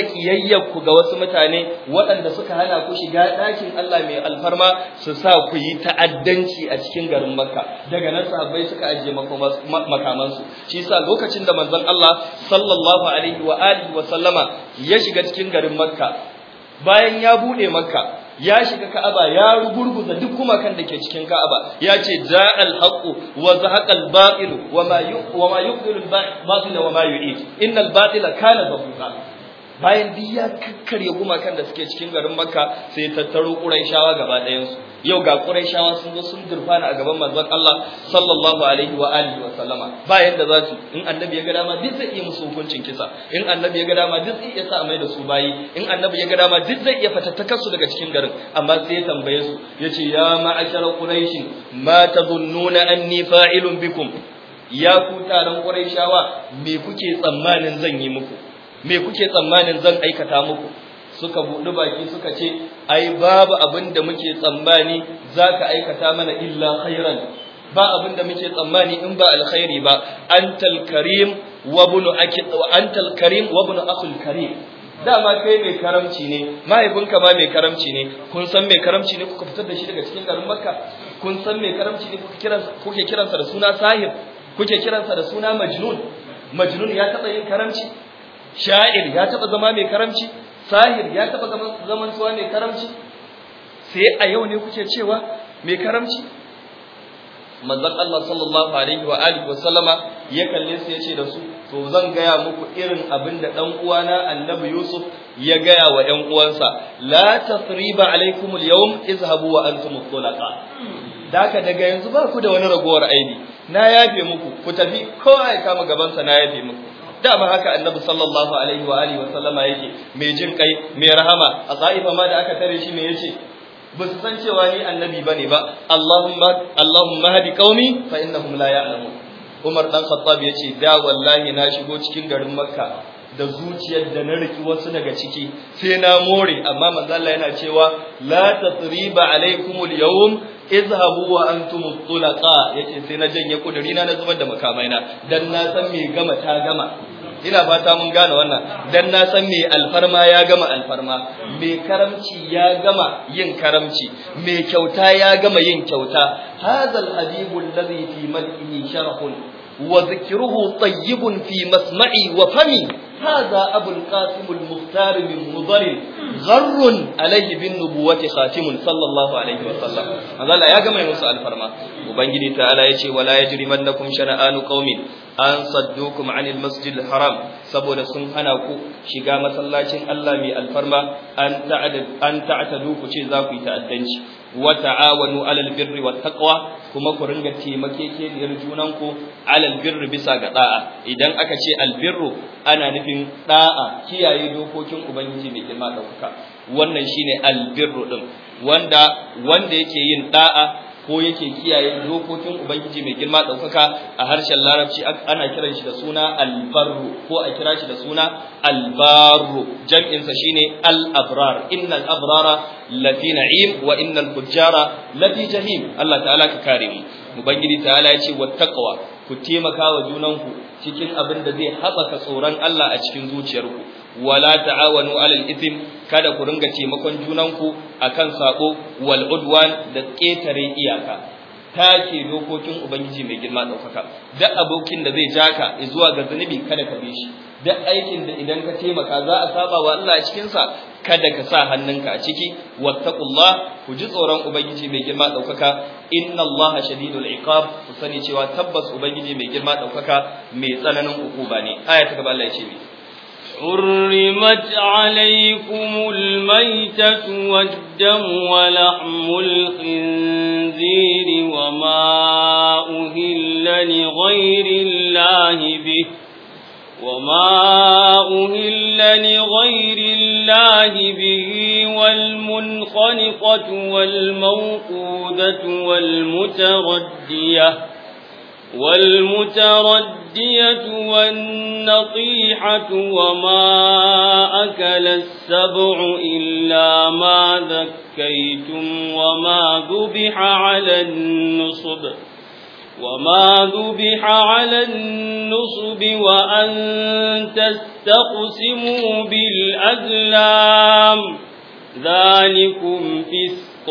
ku ga wasu mutane waɗanda suka hana ku shiga ɗakin Allah mai alfarma su sa ku yi ta'addanci a cikin garin Makka daga nan sahabbai suka ajiye makamansu shi yasa lokacin da manzon Allah sallallahu alaihi wa alihi wa sallama ya shiga cikin garin Makka bayan ya buɗe Makka ya shiga Ka'aba ya rugurguza duk kan da ke cikin Ka'aba ya ce ja'al haqqu wa zahaqal batil wa ma yuqdilu al batil wa ma yu'id innal batila kana zahuqa bayan duk ya kakkarya gumakan da suke cikin garin makka sai tattaro ƙuraishawa gaba ɗayansu yau ga ƙuraishawa sun zo sun durfana a gaban manzon Allah sallallahu alaihi wa alihi wa sallama ba za su in annabi ya ga dama duk zai iya musu hukuncin kisa in annabi ya ga dama duk zai iya sa mai da su bayi in annabi ya ga dama duk zai iya fatattakar su daga cikin garin amma sai ya tambaye su ce ya ma'ashar quraish ma an anni fa'ilun bikum ya ku taron quraishawa me kuke tsammanin zan yi muku me kuke tsammanin zan aikata muku suka buɗi baki suka ce ai babu abin da muke tsammani zaka aikata mana illa khairan ba abin da muke tsammani in ba alkhairi ba antal karim wa ibn akid antal karim wa bunu akhul karim dama kai mai karamci ne mahaifinka ma mai karamci ne kun san mai karamci ne kuka fitar da shi daga cikin garin makka kun san mai karamci ne kuka kiransa kuke kiransa da suna sahib kuke kiransa da suna majnun majnun ya taɓa yin karamci sha'ir ya taɓa zama mai karamci sahir ya taɓa zaman mai karamci sai a yau ne kuke cewa mai karamci manzon Allah sallallahu alaihi wa alihi wa sallama ya kalle su yace da su to zan gaya muku irin abin da ɗan uwana annabi Yusuf ya gaya wa ‘yan uwansa, La tasriba alaikumul yawm izhabu wa antum tulaqa. Daka daga yanzu ba ku da wani ragowar aini na yafe muku, ku tafi kowa ya kama gabansa na yafe muku. dama haka annabi sallallahu alaihi wa alihi wa sallama yake mai jin kai mai rahama a tsaifa ma da aka tare shi me yace ba su san cewa ni annabi bane ba Allahumma Allahumma hadi qaumi fa innahum la ya'lamun Umar dan Khattab yace da wallahi na shigo cikin garin Makka da zuciyar da na riki wasu daga ciki sai na more amma manzo yana cewa la tasriba alaikumul yawm izhabu wa antum tulaqa yace sai na janye kuduri na na zubar da makamai na dan na san me gama ta gama ina fata mun gane wannan dan na san me alfarma ya gama alfarma me karamci ya gama yin karamci me kyauta ya gama yin kyauta hadzal habibu alladhi fi madhi sharhun wa zikruhu tayyibun fi masma'i wa fami هذا أبو القاسم المختار من مضر غر عليه بالنبوة خاتم صلى الله عليه وسلم هذا لا يجمع موسى الفرما وبنجي تعالى يشي ولا يجرمنكم شنآن قوم أن صدوكم عن المسجد الحرام سبونا سنهنا كو شقا مسلاتين الله مي الفرما أن تعتدوك شي ذاكو يتأدنش wata'awanu alal birri wat taqwa kuma ku ringa taimakekeniyar junanku alal birri bisa ga da'a idan aka ce albirru ana nufin ɗa'a kiyaye dokokin ubangiji mai girma ɗaukaka wannan shine albirru ɗin, wanda wanda yake yin ɗa'a ko yake kiyaye dokokin ubangiji mai girma ɗaukaka a harshen larabci ana kiran shi da suna albarru ko a kira shi da suna albarru jam'insa shine al-abrar innal abrara lafi na'im wa innal fujjara lafi jahim Allah ta'ala ka kare mu ubangiji ta'ala ya ce wattaqwa ku taimaka wa junanku cikin abin da zai haɓaka tsoron Allah a cikin zuciyarku wala ta'awanu alal ithm kada ku ringa taimakon junanku akan sako wal udwan da ƙetaren iyaka take dokokin ubangiji mai girma ɗaukaka duk abokin da zai jaka zuwa ga zunubi kada ka bi shi duk aikin da idan ka taimaka za a saba wa Allah a cikin sa kada ka sa hannunka a ciki wattaqullah ku ji tsoron ubangiji mai girma ɗaukaka inna Allah shadidul iqab ku sani cewa tabbas ubangiji mai girma ɗaukaka mai tsananin hukuma ne aya ta gaba Allah ya ce حرمت عليكم الميتة والدم ولحم الخنزير وما أهل لغير الله به وما أهل لغير الله به والمنخنقة والموقودة والمتردية والمتردية والنطيحة وما أكل السبع إلا ما ذكيتم وما ذبح على النصب وما ذبح على النصب وأن تستقسموا بالأزلام ذلكم فسق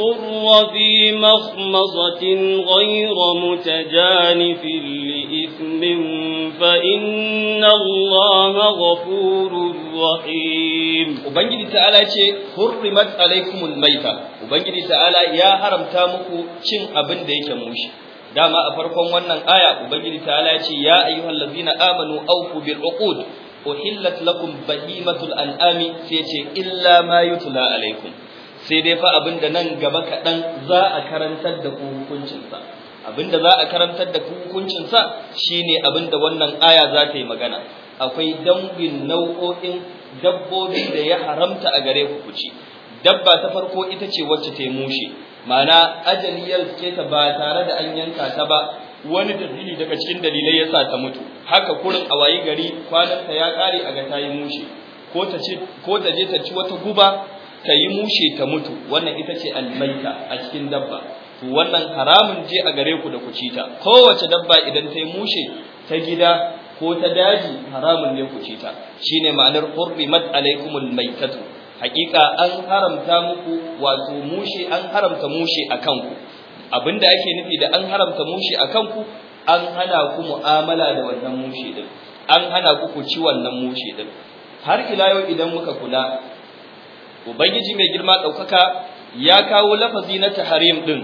فر في مخمصة غير متجانف لإثم فإن الله غفور رحيم وبنجد تعالى شيء حرمت عليكم الميتة وبنجد تعالى يا حرم تامكو شن أبن ديك موش دام أفرقون ونن آية وبنجد تعالى شيء يا أيها الذين آمنوا أوفوا بالعقود أحلت لكم بهيمة الأنعام سيتي إلا ما يتلى عليكم sai dai fa da nan gaba kaɗan za a karantar da ku hukuncinsa da za a karantar da ku hukuncinsa shine abinda wannan aya za ta yi magana akwai dangin nau'o'in dabbobi da ya haramta a gare ku kuci dabba ta farko ita ce wacce ta yi mushe ma'ana ajali ya ce ta ba tare da an yanka ta ba wani dalili daga cikin dalilai ya sa ta mutu haka kurin a wayi gari kwananta ya kare a ga tayi mushe ko ko ta je ta ci wata guba ta yi mushe ta mutu wannan ita ce almaita a cikin dabba to wannan haramun je a gare ku da ku ci ta kowace dabba idan ta yi mushe ta gida ko ta daji haramun ne ku ci ta shine ma'anar mat alaikumul maitatu hakika an haramta muku wato mushe an haramta mushe a kanku abinda ake nufi da an haramta mushe a kanku an hana ku mu'amala da wannan mushe din an hana ku ku ci wannan mushe din har ila yau idan muka kula ubangiji mai girma ɗaukaka ya kawo lafazi na taharim ɗin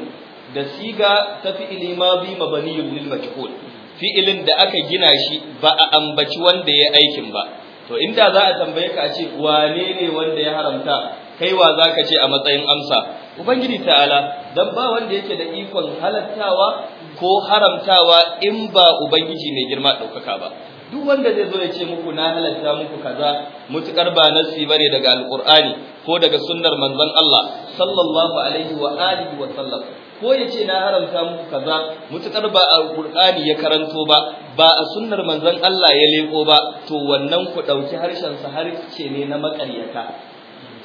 da siga ta fi'ili madi mabaniyun lil majhul fi'ilin da aka gina shi ba a ambaci wanda ya aikin ba to inda za a tambaye ka a ce wane ne wanda ya haramta kai wa ka ce a matsayin amsa ubangiji ta'ala dan ba wanda yake da ikon halattawa ko haramtawa in ba ubangiji mai girma ɗaukaka ba duk wanda zai zo ya ce muku na halatta muku kaza mutukar ba nasi bane daga alqur'ani ko daga sunnar manzon Allah sallallahu alaihi wa alihi wa sallam ko ya ce na haramta muku kaza mutukar ba alqur'ani ya karanto ba ba a sunnar manzon Allah ya leko ba to wannan ku dauki harshen sa ce ne na makaryata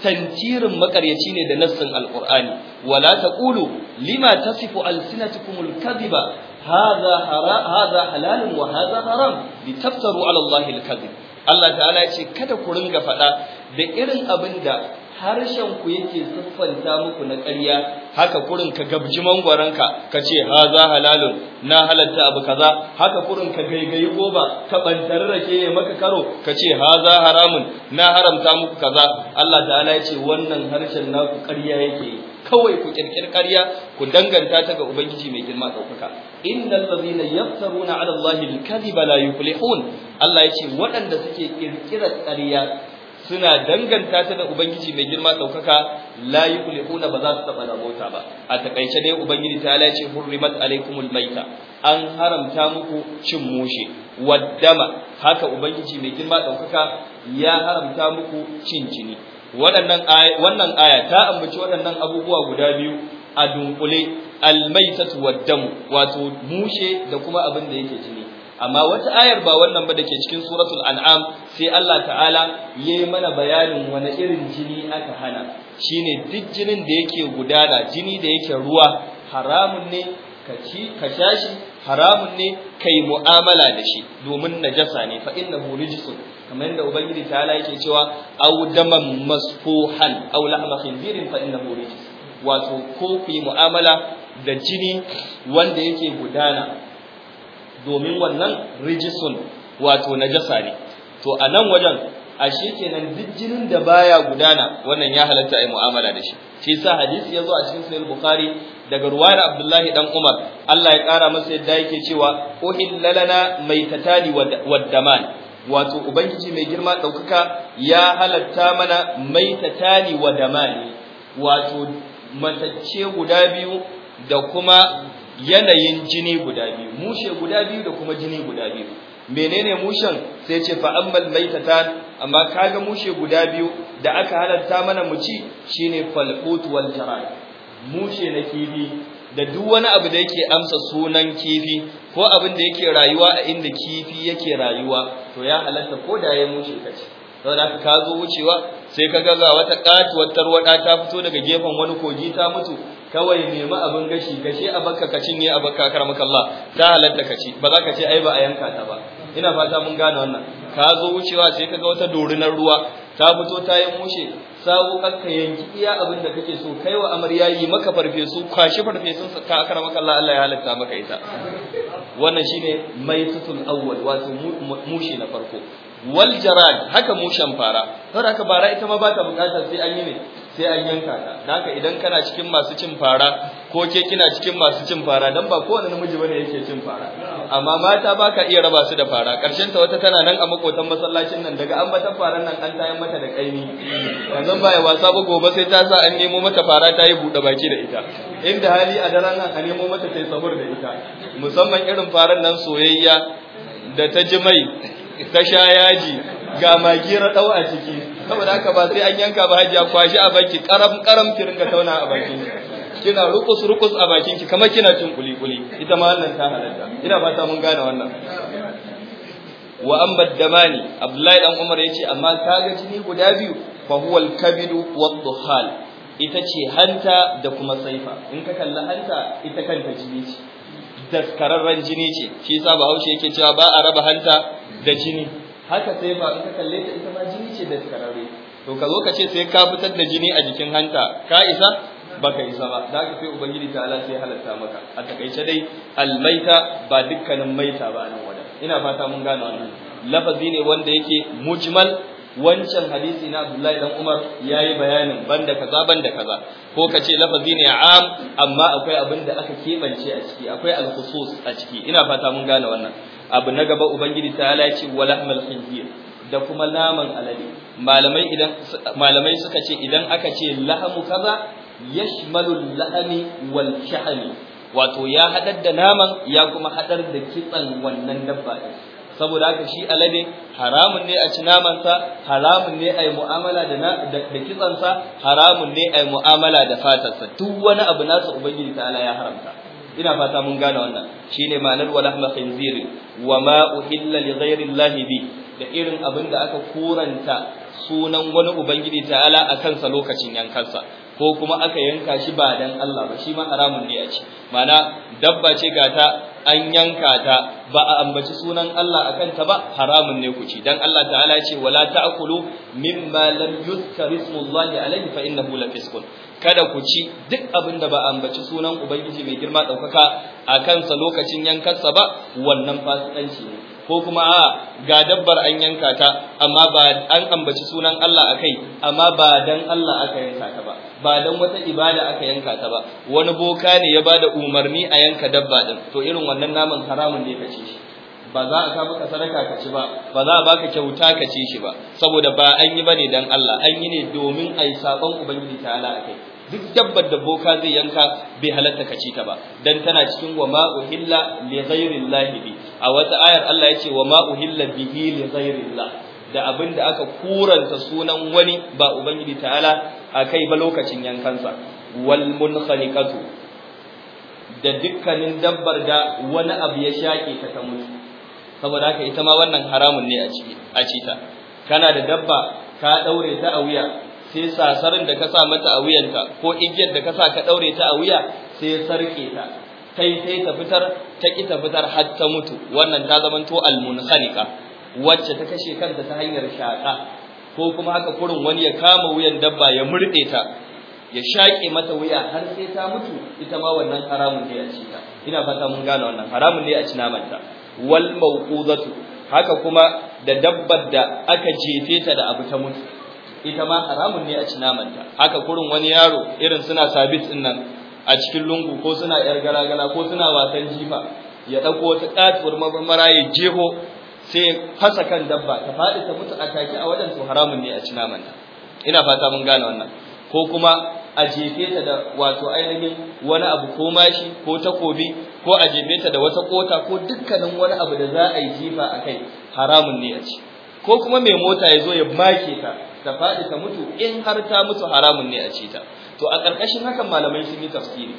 tantirin makaryaci ne da nassin alqur'ani wala taqulu lima tasifu alsinatukum alkadhiba hadha haram hadha halalun wa hadha haram litaftaru ala Allah Allah ta'ala ya ce kada ku ringa faɗa da irin abin da harshen ku yake siffanta muku na ƙarya haka kurin ka gabji mangwaranka ka ce za halalun na halatta abu kaza haka kurin ka gaigayi goba ka bantar rake ya maka karo ka ce za haramun na haramta muku kaza Allah ta'ala ya ce wannan harshen naku ƙarya yake yi kawai ku kirkir ƙarya ku danganta ta ga ubangiji mai girma ɗaukaka innal ladhina yaftaruna ala allahi alkadhiba la yuflihun Allah yace waɗanda suke kirkirar ƙarya suna danganta ta da ubangiji mai girma ɗaukaka la yuflihuna ba za su taɓa mota ba a takaice dai ubangiji ta yace hurrimat alaikumul maita an haramta muku cin mushe waddama haka ubangiji mai girma ɗaukaka ya haramta muku cin jini waɗannan wannan aya ta ambaci waɗannan abubuwa guda biyu a dunkule almaitatu waddamu wato mushe da kuma abin da yake jini amma wata ayar ba wannan ba dake cikin suratul an'am sai Allah ta'ala yayi mana bayanin wani irin jini aka hana shine duk jinin da yake gudana jini da yake ruwa haramun ne ka sha haramun ne kai mu'amala da shi domin najasa ne fa innahu rijsun kamar yadda ubangiji ta ala yake cewa aw daman masfuhan aw la'ma khinzirin fa innahu rijs wato ko ku mu'amala da jini wanda yake gudana domin wannan rijisun wato najasa ne to a nan wajen ashe kenan duk jinin da baya gudana wannan ya halatta ai mu'amala da shi shi yasa hadisi yazo a cikin sahih bukhari daga ruwayar abdullahi dan umar Allah ya kara masa yadda yake cewa uhillalana maitatani waddaman wato ubangiji mai girma daukaka ya halatta mana maitatani ne. wato matacce guda biyu da kuma yanayin jini guda biyu mushe guda biyu da kuma jini guda biyu menene mushen sai ce fa ammal maitatan amma kaga mushe guda biyu da aka halarta mana mu ci shine falqut wal jarar mushe na kifi da duk wani abu da yake amsa sunan kifi ko abin da yake rayuwa a inda kifi yake rayuwa to ya halarta ko da ya mushe kace saboda ka zo wucewa sai ka ga wata katuwar tarwada ta fito daga gefen wani kogi ta mutu kawai nemi abin gashi gashi a bakka ka cinye a bakka karamakallah ta halatta kaci. ba za ka ce ai ba a yanka ta ba ina fata mun gane wannan ka zo wucewa sai ga wata dorinar ruwa ta fito ta yi mushe sabu kanka yanki iya abin da kake so kai wa amarya yi maka farfesu kwashi farfesun ka akara maka Allah Allah ya halatta maka ita wannan shine maitatul awwal wato mushe na farko wal jarad haka mushen fara har haka bara ita ma ba ta bukatar sai an yi ne sai an yanka ta haka idan kana cikin masu cin fara ko ke kina cikin masu cin fara dan ba kowane namiji bane yake cin fara amma mata ba ka iya raba su da fara karshen ta wata tana nan a makotan masallacin nan daga an bata faran nan an tayin mata da kaimi yanzu ba ya wasa ba gobe sai ta sa an nemo mata fara ta yi bude baki da ita inda hali a daren nan an nemo mata tai sabur da ita musamman irin farar nan soyayya da ta ji mai ta sha yaji ga magira dau a ciki saboda haka ba sai an yanka ba hajiya kwashi a baki karam karam ki tauna a bakin kina rukus rukus a bakin ki kamar kina cin kuli kuli ita ma wannan ta halatta ina fata mun gane wannan wa an damani abdullahi dan umar yace amma kaga jini guda biyu fa huwa al-kabidu wad-duhal ita ce hanta da kuma saifa in ka kalla hanta ita kanta jini ce daskararren jini ce shi yasa bahaushe yake cewa ba a raba hanta da jini haka sai ba in ka kalle ta ita ma jini ce daskararre to ka zo ka ce sai ka fitar da jini a jikin hanta ka isa baka yi ba da ka sai ubangiji ta ala sai halatta maka a takaice dai almaita ba dukkanin maita ba nan wadan ina fata mun gane wannan lafazi ne wanda yake mujmal wancan hadisi na Abdullahi dan Umar yayi bayanin banda kaza banda kaza ko ka ce lafazi ne am amma akwai abin da aka kebance a ciki akwai al-khusus a ciki ina fata mun gane wannan abu na gaba ubangiji ta ala ya ce walahmal khinzir da kuma naman alade malamai idan malamai suka ce idan aka ce lahamu kaza yashmalul la'ani wal Sha'ani, wato ya hadar da naman ya kuma hadar da kitsan wannan dabba din saboda haka shi alade haramun ne a ci naman sa haramun ne a yi mu'amala da da kitsan sa haramun ne a yi mu'amala da fatar sa duk wani abu nasa ubangiji ta'ala ya haramta ina fata mun gane wannan shine ma'anar walahma khinzir wa ma uhilla li ghairi llahi bi da irin abin da aka kuranta sunan wani ubangiji ta'ala a kansa lokacin yankansa ko kuma aka yanka shi ba dan Allah ba shi ma haramun ne a ce. mana dabba ce gata an yanka ta ba a ambaci sunan Allah akan ta ba haramun ne ku ci dan Allah ta'ala ya ce wala ta'kulu mimma lam yuzkar ismullahi alayhi fa innahu lafiskun kada ku ci duk abin da ba a ambaci sunan ubangiji mai girma daukaka akan sa lokacin yankarsa ba wannan fasikanci ne ko kuma a ga dabbar an yanka ta amma ba an ambaci sunan Allah akai amma ba dan Allah aka yanka ta ba ba dan wata ibada aka yanka ta ba wani boka ne ya bada umarni a yanka dabba din to irin wannan naman haramun ne kace shi ba za a ka baka sadaka ka ci ba ba za a baka kyauta ka ci shi ba saboda ba an yi bane dan Allah an yi ne domin ai sabon ubangiji ta a kai. duk dabbar da boka zai yanka bai halatta ka ci ta ba dan tana cikin wa ma uhilla li ghairillahi bi a wata ayar Allah ya ce wa ma uhilla bihi li ghairillah da abin da aka kuranta sunan wani ba ubangiji ta'ala akai ba lokacin yankansa wal munkhaliqatu da dukkanin dabbar da wani abu ya shake ta ta saboda haka ita ma wannan haramun ne a ciki a cita kana da dabba ka daure ta a wuya sai sasarin da ka sa mata a wuyanka ko igiyar da ka sa ka ɗaure ta a wuya sai sarke ta kai sai ta fitar ta ki ta fitar har ta mutu wannan ta zama to almunkhaliqa wacce ta kashe kanta ta hanyar shaka ko kuma haka kurin wani ya kama wuyan dabba ya murde ta ya shaƙe mata wuya har sai ta mutu ita ma wannan haramun ne a ci ta ina fata mun gane wannan haramun ne a ci naman ta. wal mawqudatu haka kuma da dabbar da aka jefe ta da abu ta mutu ita ma haramun ne a ci namanta haka kurin wani yaro irin suna sabit din nan a cikin lungu ko suna yar galagala ko suna wasan jifa ya dauko wata katuwar marmara ya jeho sai fasa kan dabba ta faɗi ta mutu a take a wajen to haramun ne a ci namanta ina fata mun gane wannan ko kuma a jefe ta da wato ainihin wani abu ko mashi ko takobi ko a jefe ta da wata kota ko dukkanin wani abu da za a yi jifa a kai haramun ne a ci ko kuma mai mota ya zo ya make ta ta faɗi ta mutu in har ta mutu haramun ne a ce ta to a ƙarƙashin hakan malamai sun yi tafsiri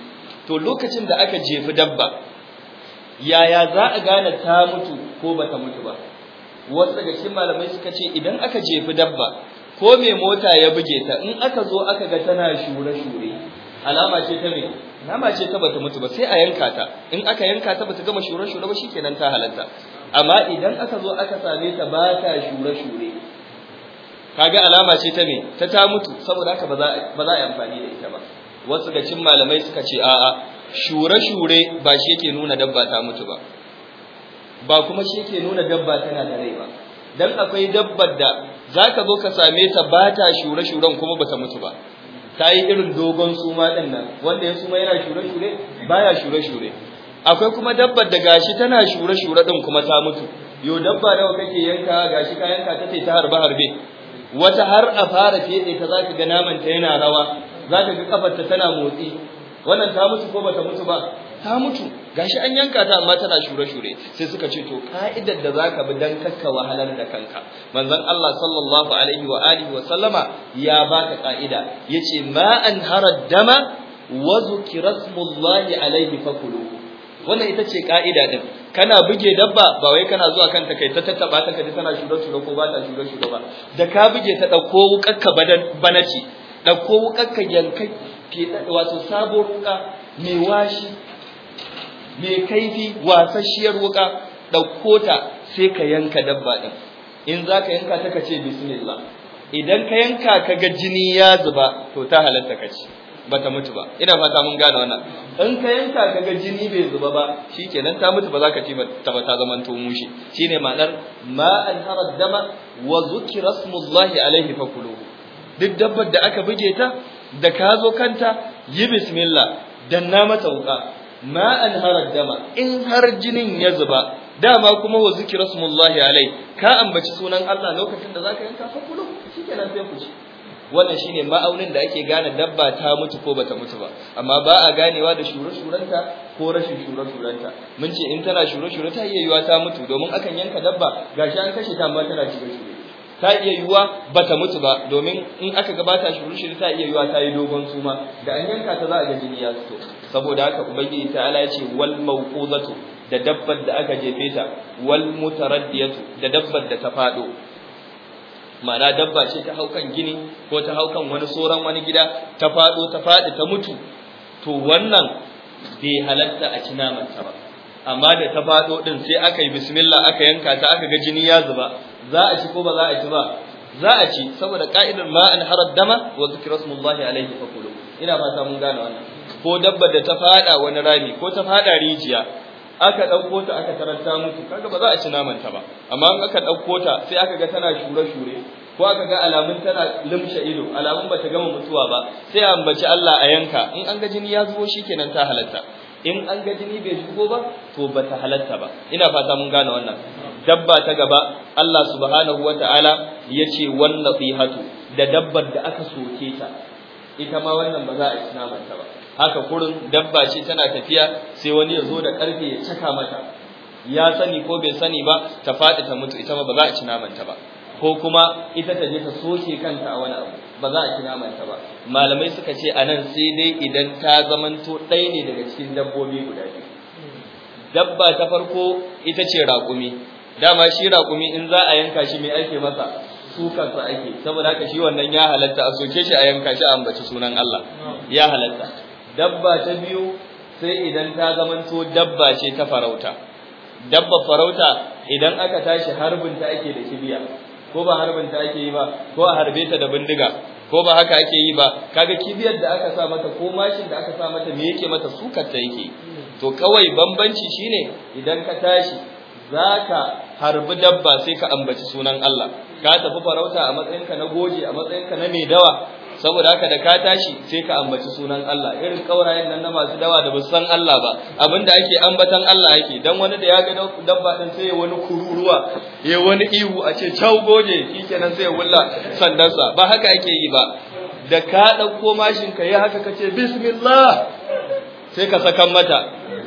to lokacin da aka jefi dabba yaya za a gane ta mutu ko ba ta mutu ba wasu daga cikin malamai suka ce idan aka jefi dabba ko me mota ya buge ta in aka zo aka ga tana shure-shure alama ce ta me nama ce ta bata mutu ba sai a yanka ta in aka yanka ta bata gama shure-shure ba shikenan ta halatta amma idan aka zo aka same ta ba ta shure-shure kaga alama ce ta me ta ta mutu saboda haka ba za a yi amfani da ita ba wasu ga cin malamai suka ce a'a shure-shure ba shi yake nuna dabba ta mutu ba ba kuma shi yake nuna dabba tana da rai ba dan akwai dabbar da zaka zo ka same ta ba ta shure-shuren kuma ba ta mutu ba ta yi irin dogon suma din nan wanda ya suma yana shure-shure baya shure-shure akwai kuma dabbar da gashi tana shure-shure din kuma ta mutu yo dabba nawa kake yanka gashi ka yanka ce ta harbe harbe wata har a fara za ka zaka ga namanta yana rawa zaka ga kafarta tana motsi wannan ta mutu ko bata mutu ba ta mutu gashi an yanka ta amma tana shure-shure sai suka ce to ka'idar da za ka bi dan kakka wahalar da kanka manzon Allah sallallahu alaihi wa alihi wa sallama ya baka ka'ida yace ma an harad dama wa zikra smullahi alaihi fakulu wannan ita ce ka'ida din kana buge dabba ba wai kana zuwa kanta kai ta tattaba ta kaji tana shiro shiro ko ba ta shiro shiro ba da ka buge ta dauko wukakka banaci dauko wukakka yankai ke wato sabo ruka mai washi mai kaifi wasasshiyar wuka dauko ta sai ka yanka dabba din in za ka yanka ta kace ce bismillah idan ka yanka ka ga jini ya zuba to ta halatta ka bata mutu ba ina fata mun gane wannan in ka yanka kaga jini bai zuba ba shikenan ta mutu ba za ka ci ta ba ta zaman to mushi shine ma'anar ma anhara dama wa zukira smullahi alaihi fakuluhu duk dabbar da aka buge ta da ka zo kanta yi bismillah danna mata wuka ma anhara dama in har jinin ya zuba dama kuma wa zikira smullahi alai ka ambaci sunan Allah lokacin da zaka yanka fakuluhu shikenan sai ku ci wannan shine ma'aunin da ake gane dabba ta mutu ko bata mutu ba amma ba a ganewa da shuru shuranta ko rashin shuru shuranta. mun ce in tana shure-shure ta iya yiwa ta mutu domin akan yanka dabba gashi an kashe ta amma tana cikin shuru ta iya yiwa bata mutu ba domin in aka gabata shuru-shuru ta iya yiwa ta yi dogon suma da an yanka ta za a ga jini ya fito saboda haka ubangiji ta ala ce wal mawqudatu da dabbar da aka jefe ta wal mutaraddiyatu da dabbar da ta fado ma'ana dabba ce ta haukan gini ko ta haukan wani tsoron wani gida ta faɗo ta faɗi ta mutu to wannan bai halatta a ci namanta ba amma da ta faɗo ɗin sai aka yi bismillah aka yanka ta aka ga jini ya zuba za a ci ko ba za a ci ba za a ci saboda ka'idar ma an harar dama wa zikir rasulullahi alaihi fa ina fata mun gane wannan ko dabba da ta faɗa wani rami ko ta faɗa rijiya aka ɗauko ta aka taranta musu kaga ba za a ci naman ta ba amma in aka ɗauko ta sai aka ga tana shure shure ko aka ga alamun tana limshe ido alamun bata gama mutuwa ba sai a ambaci Allah a yanka in an ga jini ya zubo shikenan ta halatta in an ga jini bai shigo ba to ba ta halatta ba ina fata mun gane wannan dabba ta gaba Allah subhanahu wata'ala yace wannan fihatu da dabbar da aka soke ta ita ma wannan ba za a ci naman ta ba haka kurin dabba ce tana tafiya sai wani ya zo da karfe ya caka mata ya sani ko bai sani ba ta faɗi ta mutu ita ma ba za a ci namanta ba ko kuma ita ta je ta soke kanta a wani abu ba za a ci namanta ba malamai suka ce anan sai dai idan ta zamanto ɗaya ne daga cikin dabbobi guda biyu dabba ta farko ita ce raƙumi dama shi raƙumi in za a yanka shi mai ake masa sukan sa ake saboda haka shi wannan ya halatta a soke shi a yanka shi a ambaci sunan Allah ya halatta dabba ta biyu sai idan ta zamanto dabba ce ta farauta dabba farauta idan aka tashi harbin ta ake da kibiya ko ba harbin ta ake yi ba ko a harbe ta da bindiga ko ba haka ake yi ba kaga kibiyar da aka sa mata ko mashin da aka sa mata me yake mata sukar ta yake to kawai bambanci shine idan ka tashi zaka harbi dabba sai ka ambaci sunan Allah ka tafi farauta a matsayinka na goje a matsayinka na mai dawa saboda haka da ka tashi sai ka ambaci sunan Allah irin kaurayen nan na masu dawa da basu san Allah ba abinda ake ambatan Allah yake dan wani da ya ga dabba din sai ya wani kururuwa ya wani ihu a ce chau goje shikenan sai ya wulla sandarsa ba haka ake yi ba da ka dauko mashin ka yi haka kace bismillah sai ka sakan mata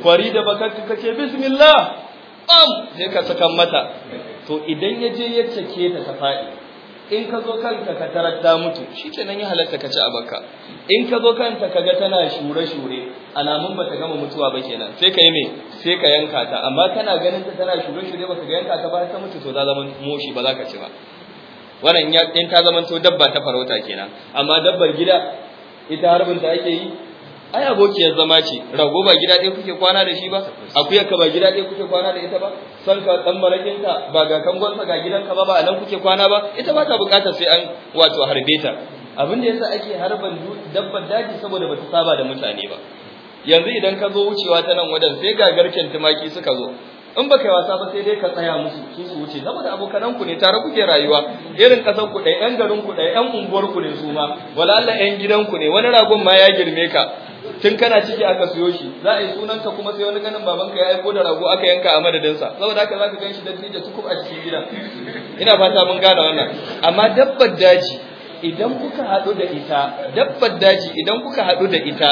kwari da baka kace bismillah am sai ka sakan mata to idan ya je ya take ta ta faɗi in ka zo kanka ka tarar ta mutu nan ya halatta ka ci a baka in ka zo kanta ka ga tana shure shure alamun bata gama mutuwa ba kenan sai ka yi me sai ka yanka ta amma kana ganin ta tana shure shure ka ga yanka ta ba ta mutu to za zama moshi ba za ka ci ba wannan in ta zama to dabba ta farauta kenan amma dabbar gida ita harbin ta ake yi ai abokiyar zama ce rago ba gida ɗaya kuke kwana da shi ba akuyar ka ba gida ɗaya kuke kwana da ita ba san ka dan marakin ka ba ga kangon ga gidan ka ba ba nan kuke kwana ba ita ba ta bukatar sai an wato harbe ta abin da yasa ake harban dabbar daji saboda bata saba da mutane ba yanzu idan ka zo wucewa ta nan wajen sai ga tumaki suka zo in baka yi wasa ba sai dai ka tsaya musu su su wuce saboda abokanan ku ne tare kuke rayuwa irin kasan ku ɗaya yan garin ku ɗaya yan unguwar ku ne su ma wala Allah yan gidan ku ne wani ragon ma ya girme ka tun kana ciki aka siyo shi za a yi sunanka kuma sai wani ganin babanka ya aiko da rago aka yanka a madadinsa saboda haka za ka gan shi da tije tukub a cikin gida. ina fata mun gane wannan amma dabbar daji idan kuka haɗu da ita dabbar daji idan kuka haɗu da ita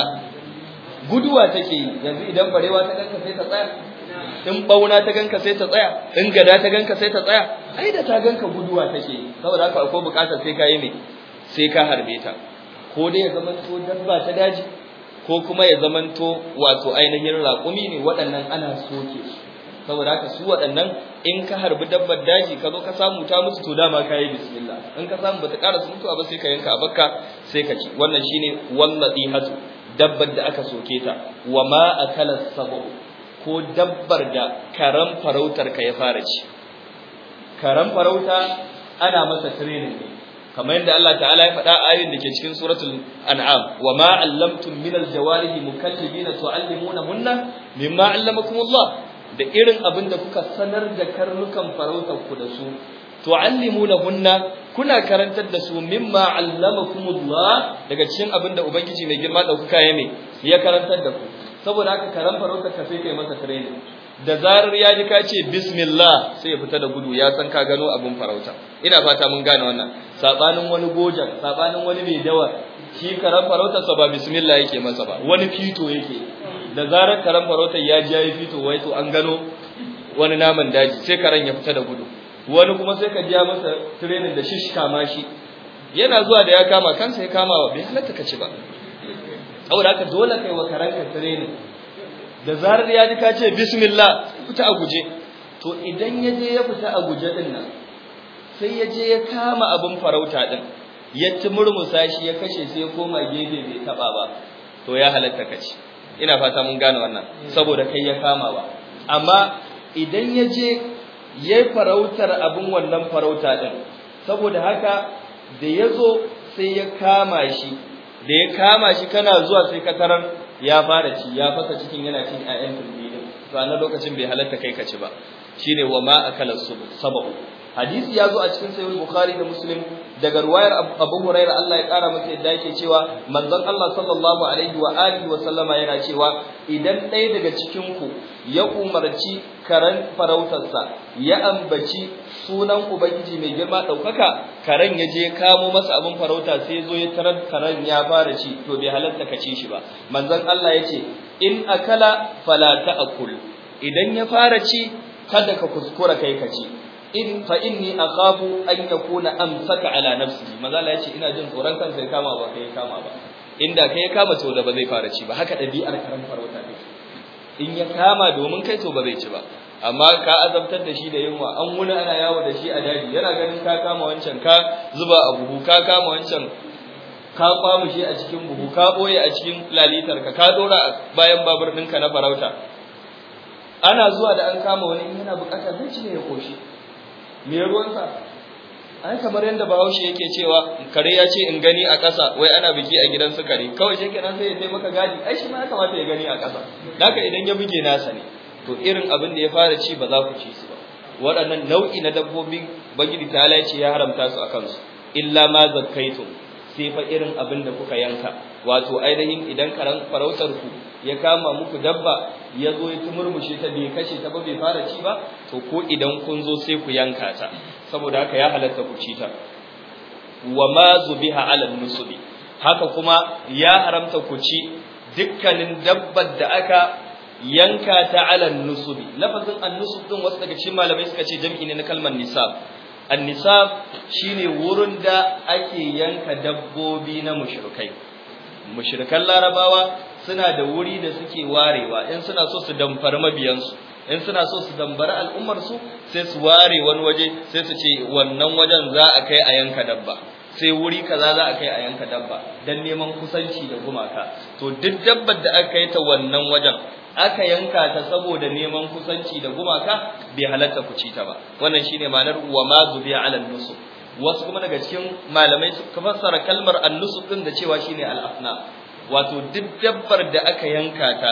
guduwa take yi yanzu idan barewa ta ganka sai ta tsaya in bauna ta ganka sai ta tsaya in gada ta ganka sai ta tsaya ai da ta ganka guduwa take yi saboda haka akwai bukatar sai ka yi ne sai ka harbe ta ko dai ya zama to dabba ta daji ko kuma ya zamanto wato ainihin raƙumi ne waɗannan ana soke saboda haka su waɗannan in ka harbi dabbar daji ka zo ka samu ta musu to dama ka yi bismillah in ka samu bata ƙara su ba sai ka yanka a bakka sai ka ci wannan shi ne wallazi hatu dabbar da aka soke ta wa ma a kalar sabo ko dabbar da karan farautar ka ya fara ci karan farauta ana masa training ne kamar da Allah ta'ala ya faɗa ayoyin da ke cikin suratul an'am wa ma allamtum min aljawarihi mukallibina tu'allimuna hunna mimma allamakumullah da irin abin da kuka sanar da karnukan farautar ku da su tu'allimuna hunna kuna karantar da su mimma allamakumullah daga cikin abin da ubangiji mai girma da kuka ya ya karantar da ku saboda haka karan farautar ka sai kai masa training da zarar ya ji kace ce bismillah sai ya fita da gudu ya san ka gano abin farauta ina fata mun gane wannan sabanin wani gojan sabanin wani mai dawa shi karan farautarsa ba bismillah yake masa ba wani fito yake da zarar karan farauta ya ji yayi fito wai to an gano wani naman daji sai karan ya fita da gudu wani kuma sai ka ja masa training da shishka kama shi yana zuwa da ya kama kansa ya kama wa bai halatta ka ci ba saboda haka dole kai wa karanka training da zarar ya ji ka ce bismillah fita a guje to idan ya je ya fita a guje din nan sai ya je ya kama abin farauta din ya ci murmusa shi ya kashe sai ya koma gefe bai taba ba to ya halatta ci. ina fata mun gane wannan saboda kai ya kama ba amma idan ya je ya farautar abin wannan farauta din saboda haka da ya zo sai ya kama shi da ya kama shi kana zuwa sai ka tarar ya fara ci ya fasa cikin yana cin ƴaƴan turmi to a lokacin bai halatta kai ka ci ba shine wa ma akala sabu hadisi ya zo a cikin sahih bukhari da muslim daga ruwayar abu huraira Allah ya kara masa yadda yake cewa manzon Allah sallallahu alaihi wa alihi wa sallama yana cewa idan ɗaya daga cikin ku ya umarci karan farautarsa ya ambaci sunan ubangiji mai girma ɗaukaka karen ya je kamo masa abin farauta sai zo ya tarar karen ya fara ci to bai halatta ka ci shi ba manzon Allah ya ce in akala fala ta'kul idan ya fara ci kada ka kuskura kai ka ci in fa inni akhafu an yakuna amsaka ala nafsi maza Allah yace ina jin tsoron kansa ya kama ba kai kama ba inda kai kama to da ba zai fara ci ba haka dabi'ar karan farauta ne in ya kama domin kai to ba zai ci ba amma ka azabtar da shi da yunwa an wuni ana yawo da shi a daji yana ganin ka kama wancan ka zuba a buhu ka kama wancan ka shi a cikin buhu ka boye a cikin lalitar ka ka dora bayan babur ɗinka na farauta ana zuwa da an kama wani yana bukatar zai ci ne ya koshi me ruwansa ai kamar yadda bahaushe yake cewa kare ya ce in gani a ƙasa wai ana biki a gidan su kare kawai shi kenan sai ya je maka gadi ai shi ma ya kamata ya gani a ƙasa naka idan ya buge nasa ne to irin abin da ya fara ci ba za ku ci su ba waɗannan nau'i na dabbobin bagidi ta ce ya haramta su a kansu illa ma zakkaitum sai fa irin abin da kuka yanka wato ainihin idan karan farautar ku ya kama muku dabba ya zo ya tumurmushe ta bai kashe ta ba bai fara ci ba to ko idan kun zo sai ku yanka ta saboda haka ya halatta ku ci ta wa ma zubiha ala nusubi haka kuma ya haramta ku ci dukkanin dabbar da aka yanka ta ala nusubi lafazin nusub din wasu daga cikin malamai suka ce jam'i ne na kalmar nisab annisab shine wurin da ake yanka dabbobi na mushrikai mushrikan larabawa suna da wuri da suke warewa in suna so su damfar mabiyansu in suna so su dambari al'ummar su sai su ware wani waje sai su ce wannan wajen za a kai a yanka dabba sai wuri kaza za a kai a yanka dabba dan neman kusanci da gumaka to duk dabbar da aka kai ta wannan wajen aka yanka ta saboda neman kusanci da gumaka bai halatta ku ci ta ba wannan shine ma'anar wa ma zubi ala nusuk wasu kuma daga cikin malamai su fassara kalmar an-nusuk din da cewa shine al-afna wato duk dabbar da aka yanka ta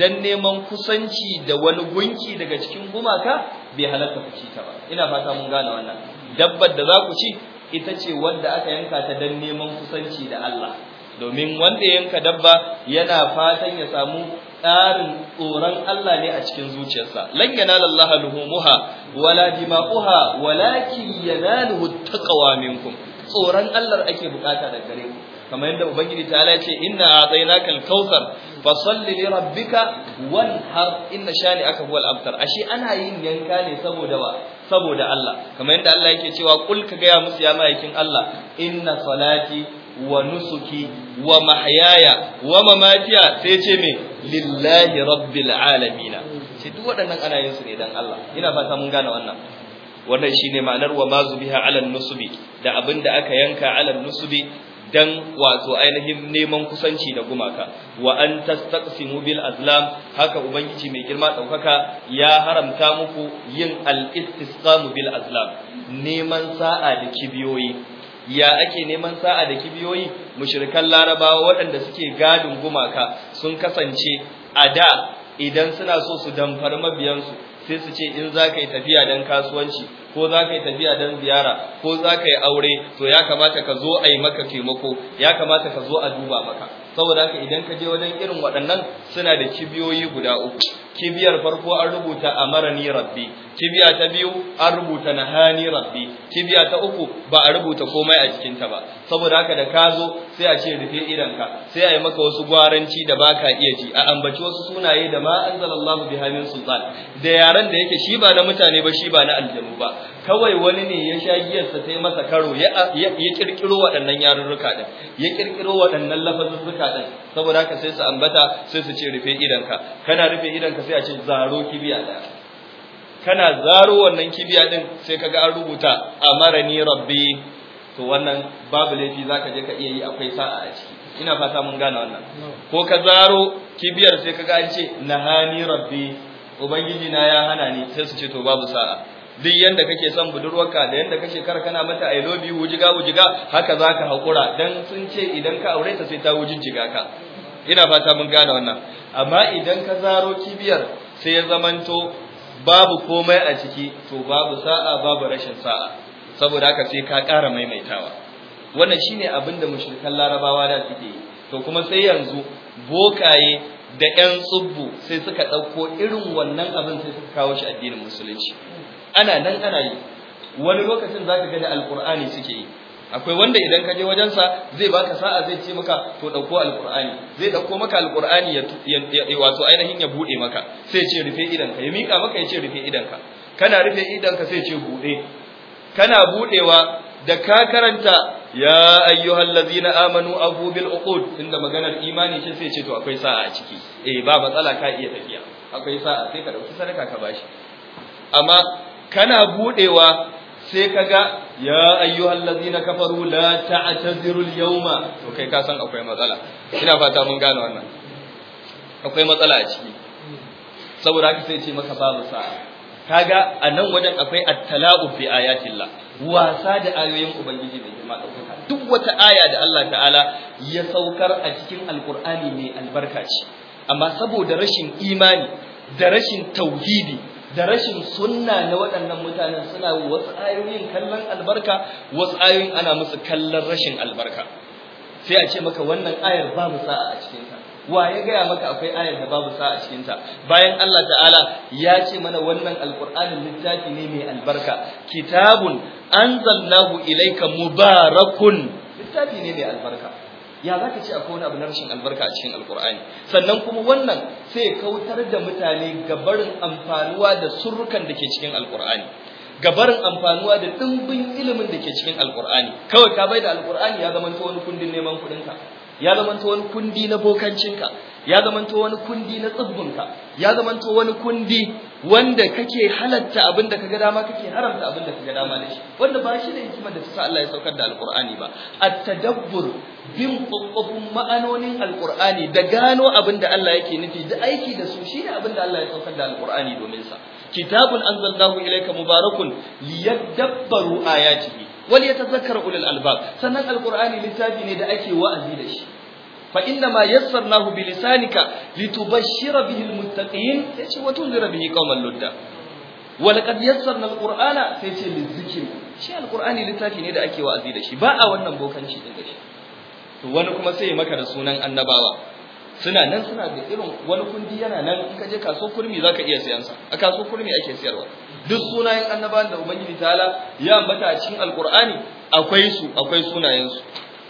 dan neman kusanci da wani gunki daga cikin gumaka bai halatta ku ci ta ba ina fata mun gane wannan dabbar da za ku ci ita ce wanda aka yanka ta dan neman kusanci da Allah domin wanda ya yanka dabba yana fatan ya samu ƙarin tsoron Allah ne a cikin zuciyarsa lan yanala Allah luhumuha wala dima'uha walakin yanaluhu taqwa minkum tsoron Allah ake bukata daga gare ku kamar yadda ubangiji ta ala ce inna a'tainaka al-kautsar fasalli li rabbika wanhar inna shani'aka huwal abtar ashe ana yin yanka ne saboda wa saboda Allah kamar yadda Allah yake cewa kul ka gaya musu ya ma'aikin Allah inna salati wa nusuki wa mahyaya wa mamatiya sai ce me lillahi rabbil alamin sai duk waɗannan ana yin su ne dan Allah ina fata mun gane wannan wannan shine ma'anar wa mazu biha nusubi da abinda aka yanka alal nusubi dan wato ainihin neman kusanci da gumaka wa an tastaqsimu bil azlam haka ubangiji mai girma daukaka ya haramta muku yin al istisqamu bil azlam neman sa'a da kibiyoyi ya ake neman sa'a da kibiyoyi mushrikan larabawa waɗanda suke gadin gumaka sun kasance a da idan suna so su damfar mabiyansu sai su ce in za ka yi tafiya don kasuwanci ko za ka yi tafiya don ziyara ko za ka yi aure to ya kamata ka zo a yi maka taimako ya kamata ka zo a duba maka saboda haka idan ka je wajen irin waɗannan suna da kibiyoyi guda uku kibiyar farko an rubuta a amarani rabbi kibiya ta biyu an rubuta nahani rabbi kibiya ta uku ba a rubuta komai a cikin ba saboda haka da ka zo sai a ce rufe idanka sai a yi maka wasu gwaranci da ba ka iya ji a ambaci wasu sunaye da ma anzalallahu biha sultan da yaren da yake shi ba na mutane ba shi ba na aljanu ba kawai wani ne ya sha giyarsa sai masa karo ya kirkiro waɗannan yarurruka ɗin, ya kirkiro waɗannan lafazuzzuka ɗin, saboda haka sai su ambata sai su ce rufe idanka kana rufe idanka sai a ce zaro kibiya ɗaya kana zaro wannan kibiya din sai kaga an rubuta amarani rabbi to wannan babu laifi zaka je ka iya yi akwai sa'a a ciki ina fata mun gane wannan ko ka zaro kibiyar sai kaga an ce nahani rabbi ubangiji na ya hana ni sai su ce to babu sa'a duk yanda kake son budurwarka da yanda kake kar kana mata I love you wujiga wujiga haka zaka hakura dan sun ce idan ka aure ta sai ta jiga ka ina fata mun gane wannan amma idan ka zaro kibiyar sai ya zamanto babu komai a ciki to babu sa'a babu rashin sa'a saboda haka sai ka ƙara maimaitawa wannan shine abin da mushrikan larabawa da suke yi to kuma sai yanzu bokaye da ƴan tsubbu sai suka ɗauko irin wannan abin sai suka kawo shi addinin musulunci ana nan ana yi wani lokacin zaka ga da alqur'ani suke yi akwai wanda idan ka je wajensa zai baka sa'a zai ce maka to dauko alqur'ani zai dauko maka alqur'ani ya wato ainihin ya bude maka sai ce rufe idan ka ya mika maka ya ce rufe idan ka kana rufe idan ka sai ce bude kana budewa da ka karanta ya ayyuhal ladzina amanu abu bil uqud inda maganar imani ce sai ce to akwai sa'a a ciki eh ba matsala ka iya tafiya akwai sa'a sai ka dauki sadaka ka bashi amma kana budewa sai kaga ya ayyuhal ladzina kafaru la ta'tazirul yawma to kai ka san akwai matsala ina fata mun gane wannan akwai matsala a ciki saboda haka sai ce maka babu sa'a kaga a nan wajen akwai at-tala'u fi ayatillah wasa da ayoyin ubangiji mai girma ɗaukaka duk wata aya da Allah ta'ala ya saukar a cikin alqur'ani mai albarka ce amma saboda rashin imani da rashin tauhidi da rashin sunna na waɗannan mutanen suna wasu ayoyin kallon albarka wasu ayoyin ana musu kallon rashin albarka sai a ce maka wannan ayar babu sa'a a cikinta wa ya gaya maka akwai ayar da babu sa'a a cikinta bayan Allah ta'ala ya ce mana wannan alƙur'anin littafi ne mai albarka kitabun anzalnahu ilayka mubarakun littafi ne mai albarka ya zaka ce akwai wani abu na rashin albarka a cikin alkur'ani sannan kuma wannan sai kautar da mutane gabarin amfanuwa da surrukan da ke cikin alkur'ani gabarin amfanuwa da dimbin ilimin da ke cikin alkur'ani kawai ka bai da alkur'ani ya zama wani kundin neman kuɗinka ya zama wani kundi na bokancinka ya zamanto wani kundi na tsibbinka ya zamanto wani kundi wanda kake halatta abin da kaga dama kake haramta abin da kaga dama da shi wanda ba shi da hikimar da ta sa Allah ya saukar da alqur'ani ba at-tadabbur bin kwakwafin ma'anonin alqur'ani da gano abin da Allah yake nufi da aiki da su shine abin da Allah ya saukar da alqur'ani domin sa kitabun anzalnahu ilayka mubarakun liyadabbaru ayatihi wal yatadhakkaru ulul albab sannan alqur'ani littafi ne da ake wa'azi da shi fa inna ma yassarnahu bi lisanika litubashshira bihi almuttaqin sai ce wato zira bihi qauman ludda wa laqad yassarna alqur'ana sai ce lizikir shi alqur'ani littafi ne da ake wa'azi da shi ba a wannan bokanci din da shi wani kuma sai maka da sunan annabawa suna nan suna da irin wani kundi yana nan in ka je kaso kurmi iya a kurmi ake siyarwa duk sunayen annabawan da ubangiji ta'ala ya cikin akwai su akwai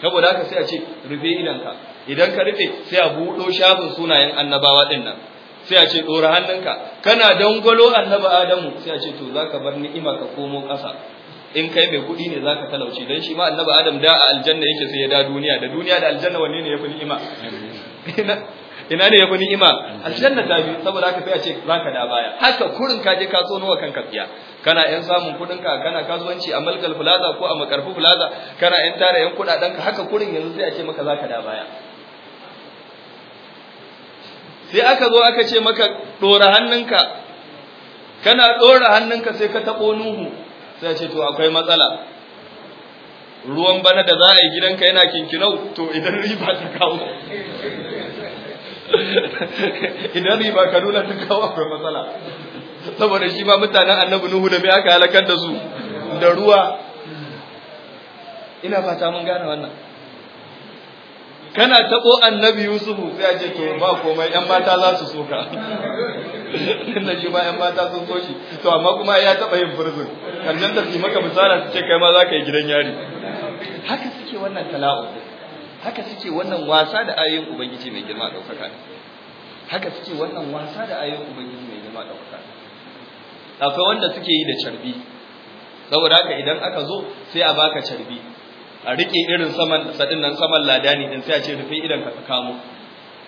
saboda haka sai a ce rufe idanka idan ka rufe sai a buɗo shafin sunayen annabawa ɗin nan sai a ce ɗora hannunka kana dangwalo annabi adamu sai a ce to za ka bar ni'ima ka komo ƙasa in kai mai kuɗi ne za ka talauci don shi ma annabi adam da a aljanna yake sai ya da duniya da duniya da aljanna wanne ne ya fi ni'ima ina ne ya fi ni'ima aljanna ta biyu saboda haka sai a ce za ka da baya haka kurin ka je ka nawa kanka tsiya kana yan samun kuɗin ka kana kasuwanci a malkal plaza ko a makarfu plaza kana yan tara yan kuɗaɗen ka haka kurin yanzu sai a ce maka za ka da baya sai aka zo aka ce maka dora hannunka kana dora hannunka sai ka tabo nuhu sai ce to akwai matsala ruwan bana da za a yi gidanka yana kinkinau to idan riba ta kawo idan riba nuna ta kawo akwai matsala saboda shi ba mutanen annabi nuhu da me aka halakar da su da ruwa ina fata mun gane wannan kana tabo annabi yusufu sai a ce to ba komai yan mata za su soka inda shi ba yan mata sun so shi to amma kuma ya taba yin furzin karshen da su maka misala su ce kai ma za ka yi gidan yari haka suke wannan tala'u haka suke wannan wasa da ayoyin ubangiji mai girma ɗaukaka haka suke wannan wasa da ayoyin ubangiji mai girma ɗaukaka akwai wanda suke yi da carbi saboda haka idan aka zo sai a baka carbi a rike irin saman sadin nan saman ladani din sai a ce rufe idan ka kamo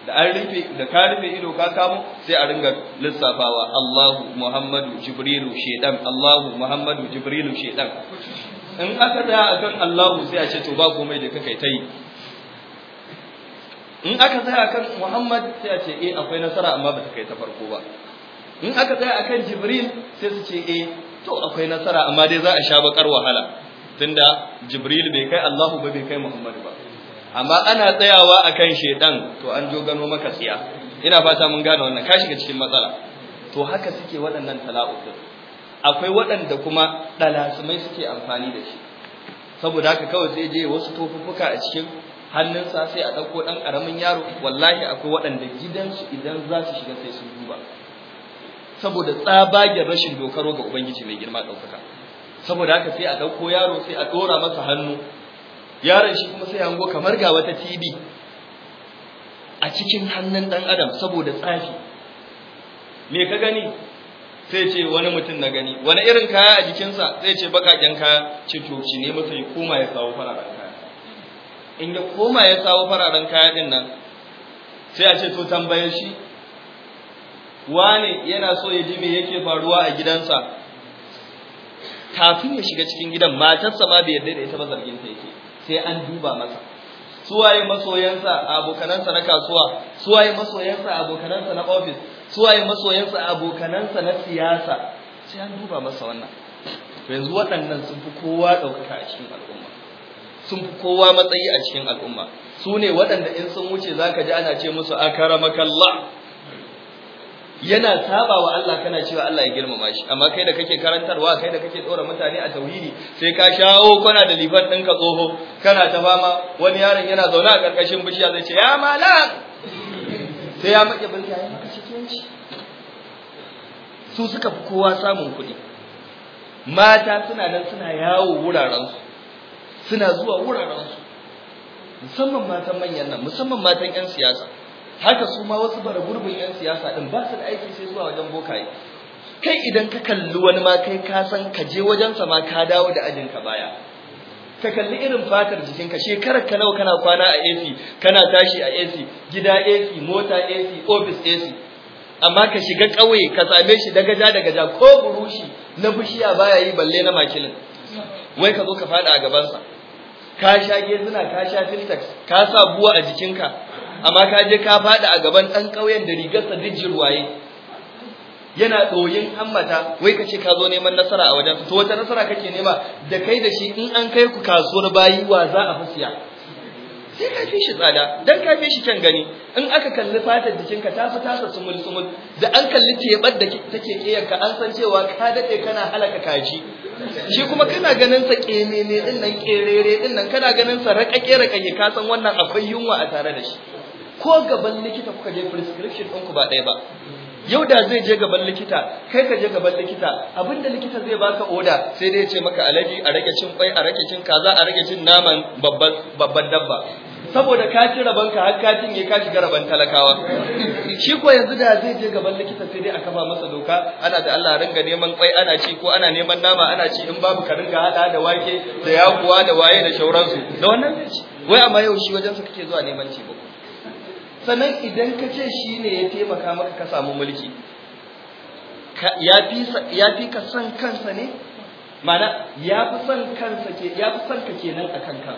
da an rufe da ka rufe ido ka kamo sai a ringa lissafawa Allahu Muhammadu Jibrilu shedan Allahu Muhammadu Jibrilu shedan in aka tsaya akan Allahu sai a ce to ba komai da kake ta yi in aka tsaya akan Muhammad sai a ce eh akwai nasara amma ba ta kai ta farko ba in aka tsaya akan Jibril sai su ce eh to akwai nasara amma dai za a sha bakar wahala tunda jibril bai kai allahu ba bai kai muhammadu ba amma ana tsayawa akan shedan to an jo gano maka tsiya ina fata mun gane wannan ka shiga cikin matsala to haka suke waɗannan tala'ukin akwai waɗanda kuma ɗalasimai suke amfani da shi saboda haka kawai zai je wasu tofuffuka a cikin hannunsa sai a ɗauko ɗan ƙaramin yaro wallahi akwai waɗanda gidansu idan za su shiga sai sun duba saboda tsabagen rashin dokaro ga ubangiji mai girma ɗaukaka saboda haka sai a ɗauko yaro sai a dora masa hannu yaron shi kuma sai hango kamar ga wata TV a cikin hannun ɗan adam saboda tsafi me ka gani sai ce wani mutum na gani wani irin kaya a jikinsa sai ce bakaken kaya ce to shi ne masa ya koma ya sawo fararen kaya in ya koma ya sawo fararen kaya din nan sai a ce to tambayar shi wane yana so ya ji me yake faruwa a gidansa kafin ya shiga cikin gidan matarsa ma bai yarda da ita ba zargin ta yake sai an duba masa suwaye masoyansa abokanansa na kasuwa suwaye masoyansa abokanansa na office suwaye masoyansa abokanansa na siyasa sai an duba masa wannan yanzu waɗannan sun fi kowa ɗaukaka a cikin al'umma sun fi kowa matsayi a cikin al'umma su ne waɗanda in sun wuce za ka ji ana ce musu akaramakallah yana saba wa Allah kana cewa Allah ya girmama shi amma kai da kake karantarwa kai da kake tsora mutane a tauhidi sai ka shawo kana da libar ɗinka tsoho kana ta fama wani yaron yana zaune a ƙarƙashin bishiya zai ce ya malam sai ya maƙe bulka ya maka cikinci su suka fi kowa samun kuɗi mata suna nan suna yawo wuraren su, suna zuwa wuraren su. musamman matan manyan nan musamman matan 'yan siyasa haka su ma wasu bara gurbin yan siyasa ɗin ba su da aiki sai zuwa wajen bokaye kai idan ka kalli wani ma kai ka san ka je wajen sa ma ka dawo da ajin ka baya ka kalli irin fatar jikinka shekarar ka nawa kana kwana a AC kana tashi a AC gida AC mota AC office AC amma ka shiga ƙauye ka same shi daga ja daga ja ko burushi na bishiya baya yi balle na makilin wai ka zo ka fada a gabansa ka sha gezina ka sha filtex ka sa buwa a jikinka amma ka je ka fada a gaban ɗan ƙauyen da rigarsa duk jirwaye yana ɗoyin hammata wai ka ce ka zo neman nasara a wajen to wata nasara kake nema da kai da shi in an kai ku kasuwar bayi wa za a fasiya sai ka fi tsada dan ka fi shi gani in aka kalli fatar jikinka ta fi tasa sumul sumul da an kalli teɓar da take ƙeyarka an san cewa ka daɗe kana halaka kaji shi kuma kana ganin sa ƙememe ɗin nan ƙerere ɗin nan kana ganin sa raƙaƙe raƙaƙe ka san wannan akwai yunwa a tare da shi ko gaban likita kuka je prescription ɗinku ba ɗaya ba yau da zai je gaban likita kai ka je gaban likita Abin da likita zai baka oda sai dai ya ce maka alaji a rage cin kwai a rage cin kaza a rage cin naman babban dabba saboda ka ci rabon ka har ka cinye ka shiga rabon talakawa shi ko yanzu da zai je gaban likita sai dai a kafa masa doka ana da Allah ringa neman kwai ana ci ko ana neman nama ana ci in babu ka ringa hada da wake da yakuwa da waye da shauransu da wannan zai ci wai amma yau shi wajen su kake zuwa neman ci ba sannan idan ka ce shi ne ya taimaka maka ka samu mulki ya fi ka son kansa ne mana ya fi son kansa ke ya fi son ka kenan a kanka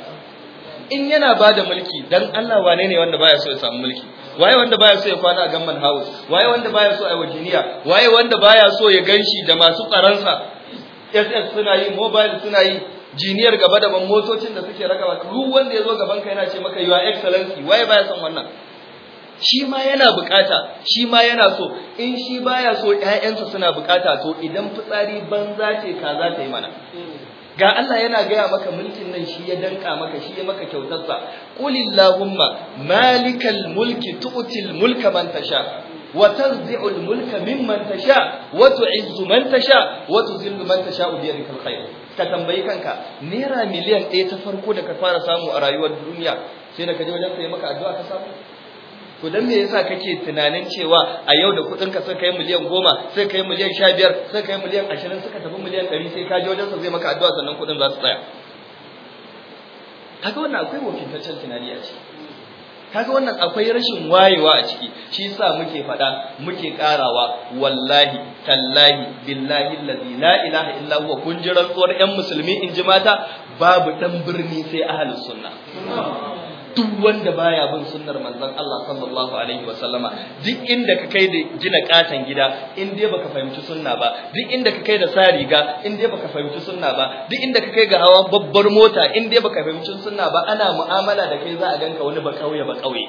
in yana ba da mulki dan Allah wane ne wanda baya so ya samu mulki waye wanda baya so ya kwana a gamman house waye wanda baya so a wajiniya waye wanda baya so ya ganshi da masu tsaransa ss suna yi mobile suna yi jiniyar gaba da motocin da suke ragawa duk wanda ya zo gaban ka yana ce maka yiwa excellency waye baya son wannan shi ma yana bukata shi ma yana so in shi baya so ƴaƴansa suna bukata to idan fitsari banza ce ka za ta yi mana ga Allah yana gaya maka mulkin nan shi ya danka maka shi ya maka kyautarsa qulillahumma malikal mulki tu'til mulka man tasha mulka وتنزع الملك ممن تشاء وتعز من تشاء وتذل من تشاء بيدك khair ka tambayi kanka naira miliyan ɗaya ta farko da ka fara samu a rayuwar duniya sai da ka je wajen sai maka addu'a ka samu to dan me yasa kake tunanin cewa a yau da kudin ka sai kai miliyan goma sai kai miliyan 15 sai kai miliyan ashirin suka tafi miliyan 100 sai ka je wajen sa zai maka addu'a sannan kuɗin za su tsaya kaga wannan akwai wofintaccen tunani a ciki kaga wannan akwai rashin wayewa a ciki shi yasa muke fada muke karawa wallahi tallahi billahi allazi la ilaha illa huwa kun jira rantsuwar ƴan musulmi in ji mata babu dan birni sai ahlus sunna duk wanda baya bin sunnar manzon Allah sallallahu alaihi wa sallama, duk inda ka kai da gina katan gida in dai baka fahimci sunna ba duk inda ka kai da sa riga in dai baka fahimci sunna ba duk inda ka kai ga hawa babbar mota in dai baka fahimci sunna ba ana mu'amala da kai za a ganka wani ba kauye ba kauye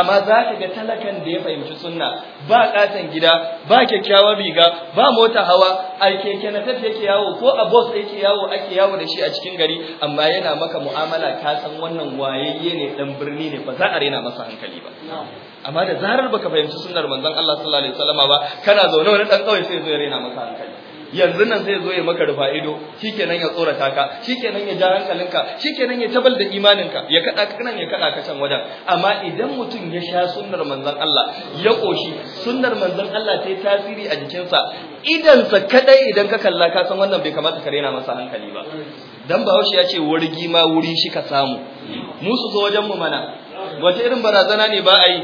amma za ka ga talakan da ya fahimci sunna ba katan gida ba kyakkyawar riga ba mota hawa a keke na tafi yake yawo ko a bus yake yawo ake yawo da shi a cikin gari amma yana maka mu'amala ka san wannan wayayye ne dan birni ne ba za a rena masa hankali ba amma da zarar baka fahimci sunnar manzon Allah sallallahu alaihi wasallama ba kana zaune wani dan kawai sai zo ya rena maka hankali yanzu nan zai zo ya maka rufa ido shikenan ya tsorata ka shikenan ya ja hankalinka shikenan ya tabal da imaninka ya kada ka nan ya kada ka can wajen amma idan mutum ya sha sunnar manzon Allah ya koshi sunnar manzon Allah ta yi tasiri a jikinsa idansa kadai idan ka kalla ka san wannan bai kamata ka rena masa hankali ba dan bahaushe ya ce wargi ma wuri shi ka samu mu su zo wajen mu mana Wace irin barazana ne ba a yi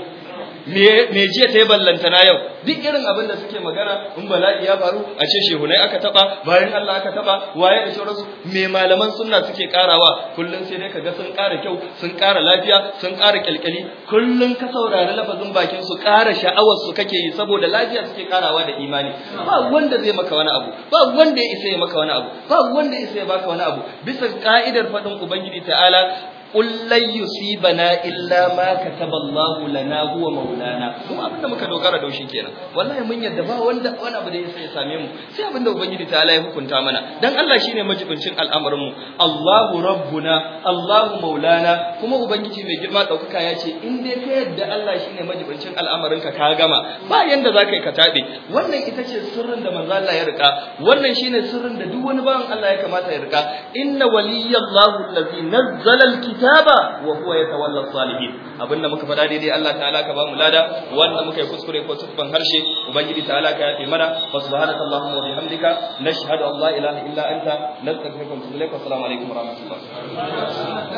me jiya ta yi ballanta na yau duk irin abin da suke magana in bala'i ya faru a ce shehunai aka taba bayan Allah aka taba waye da shauransu me malaman sunna suke karawa kullun sai dai kaga sun kara kyau sun kara lafiya sun kara kyalkyali kullun ka saurari lafazin bakin su kara sha'awar su kake yi saboda lafiya suke karawa da imani ba wanda zai maka wani abu ba wanda ya isa ya maka wani abu ba wanda ya isa ya baka wani abu bisa ka'idar fadin ubangiji ta'ala qul lan yusibana illa ma kataballahu lana huwa maulana mu abin muka dogara da shi kenan wallahi mun yadda ba wanda wani abu da ya same mu sai abinda da ubangiji ta Allah ya hukunta mana dan Allah shine majibincin al'amarin mu Allahu rabbuna Allahu maulana kuma ubangiji mai girma daukaka ya ce in dai ka yadda Allah shine majibincin al'amarin ka ka gama ba yanda zaka yi ka tabe wannan ita ce sirrin da manzo ya rika wannan shine sirrin da duk wani bawan Allah ya kamata ya rika inna waliyallahu allazi nazzala alkitab kitaba wa huwa yatawalla salihin abinda muka faɗa daidai Allah ta'ala ka bamu lada wanda muka yi kuskure ko tsufan harshe ubangiji ta'ala ka yafe mana wa subhanaka allahumma wa bihamdika nashhadu an la ilaha illa anta nastaghfiruka wa natubu ilaik wa assalamu alaikum wa rahmatullahi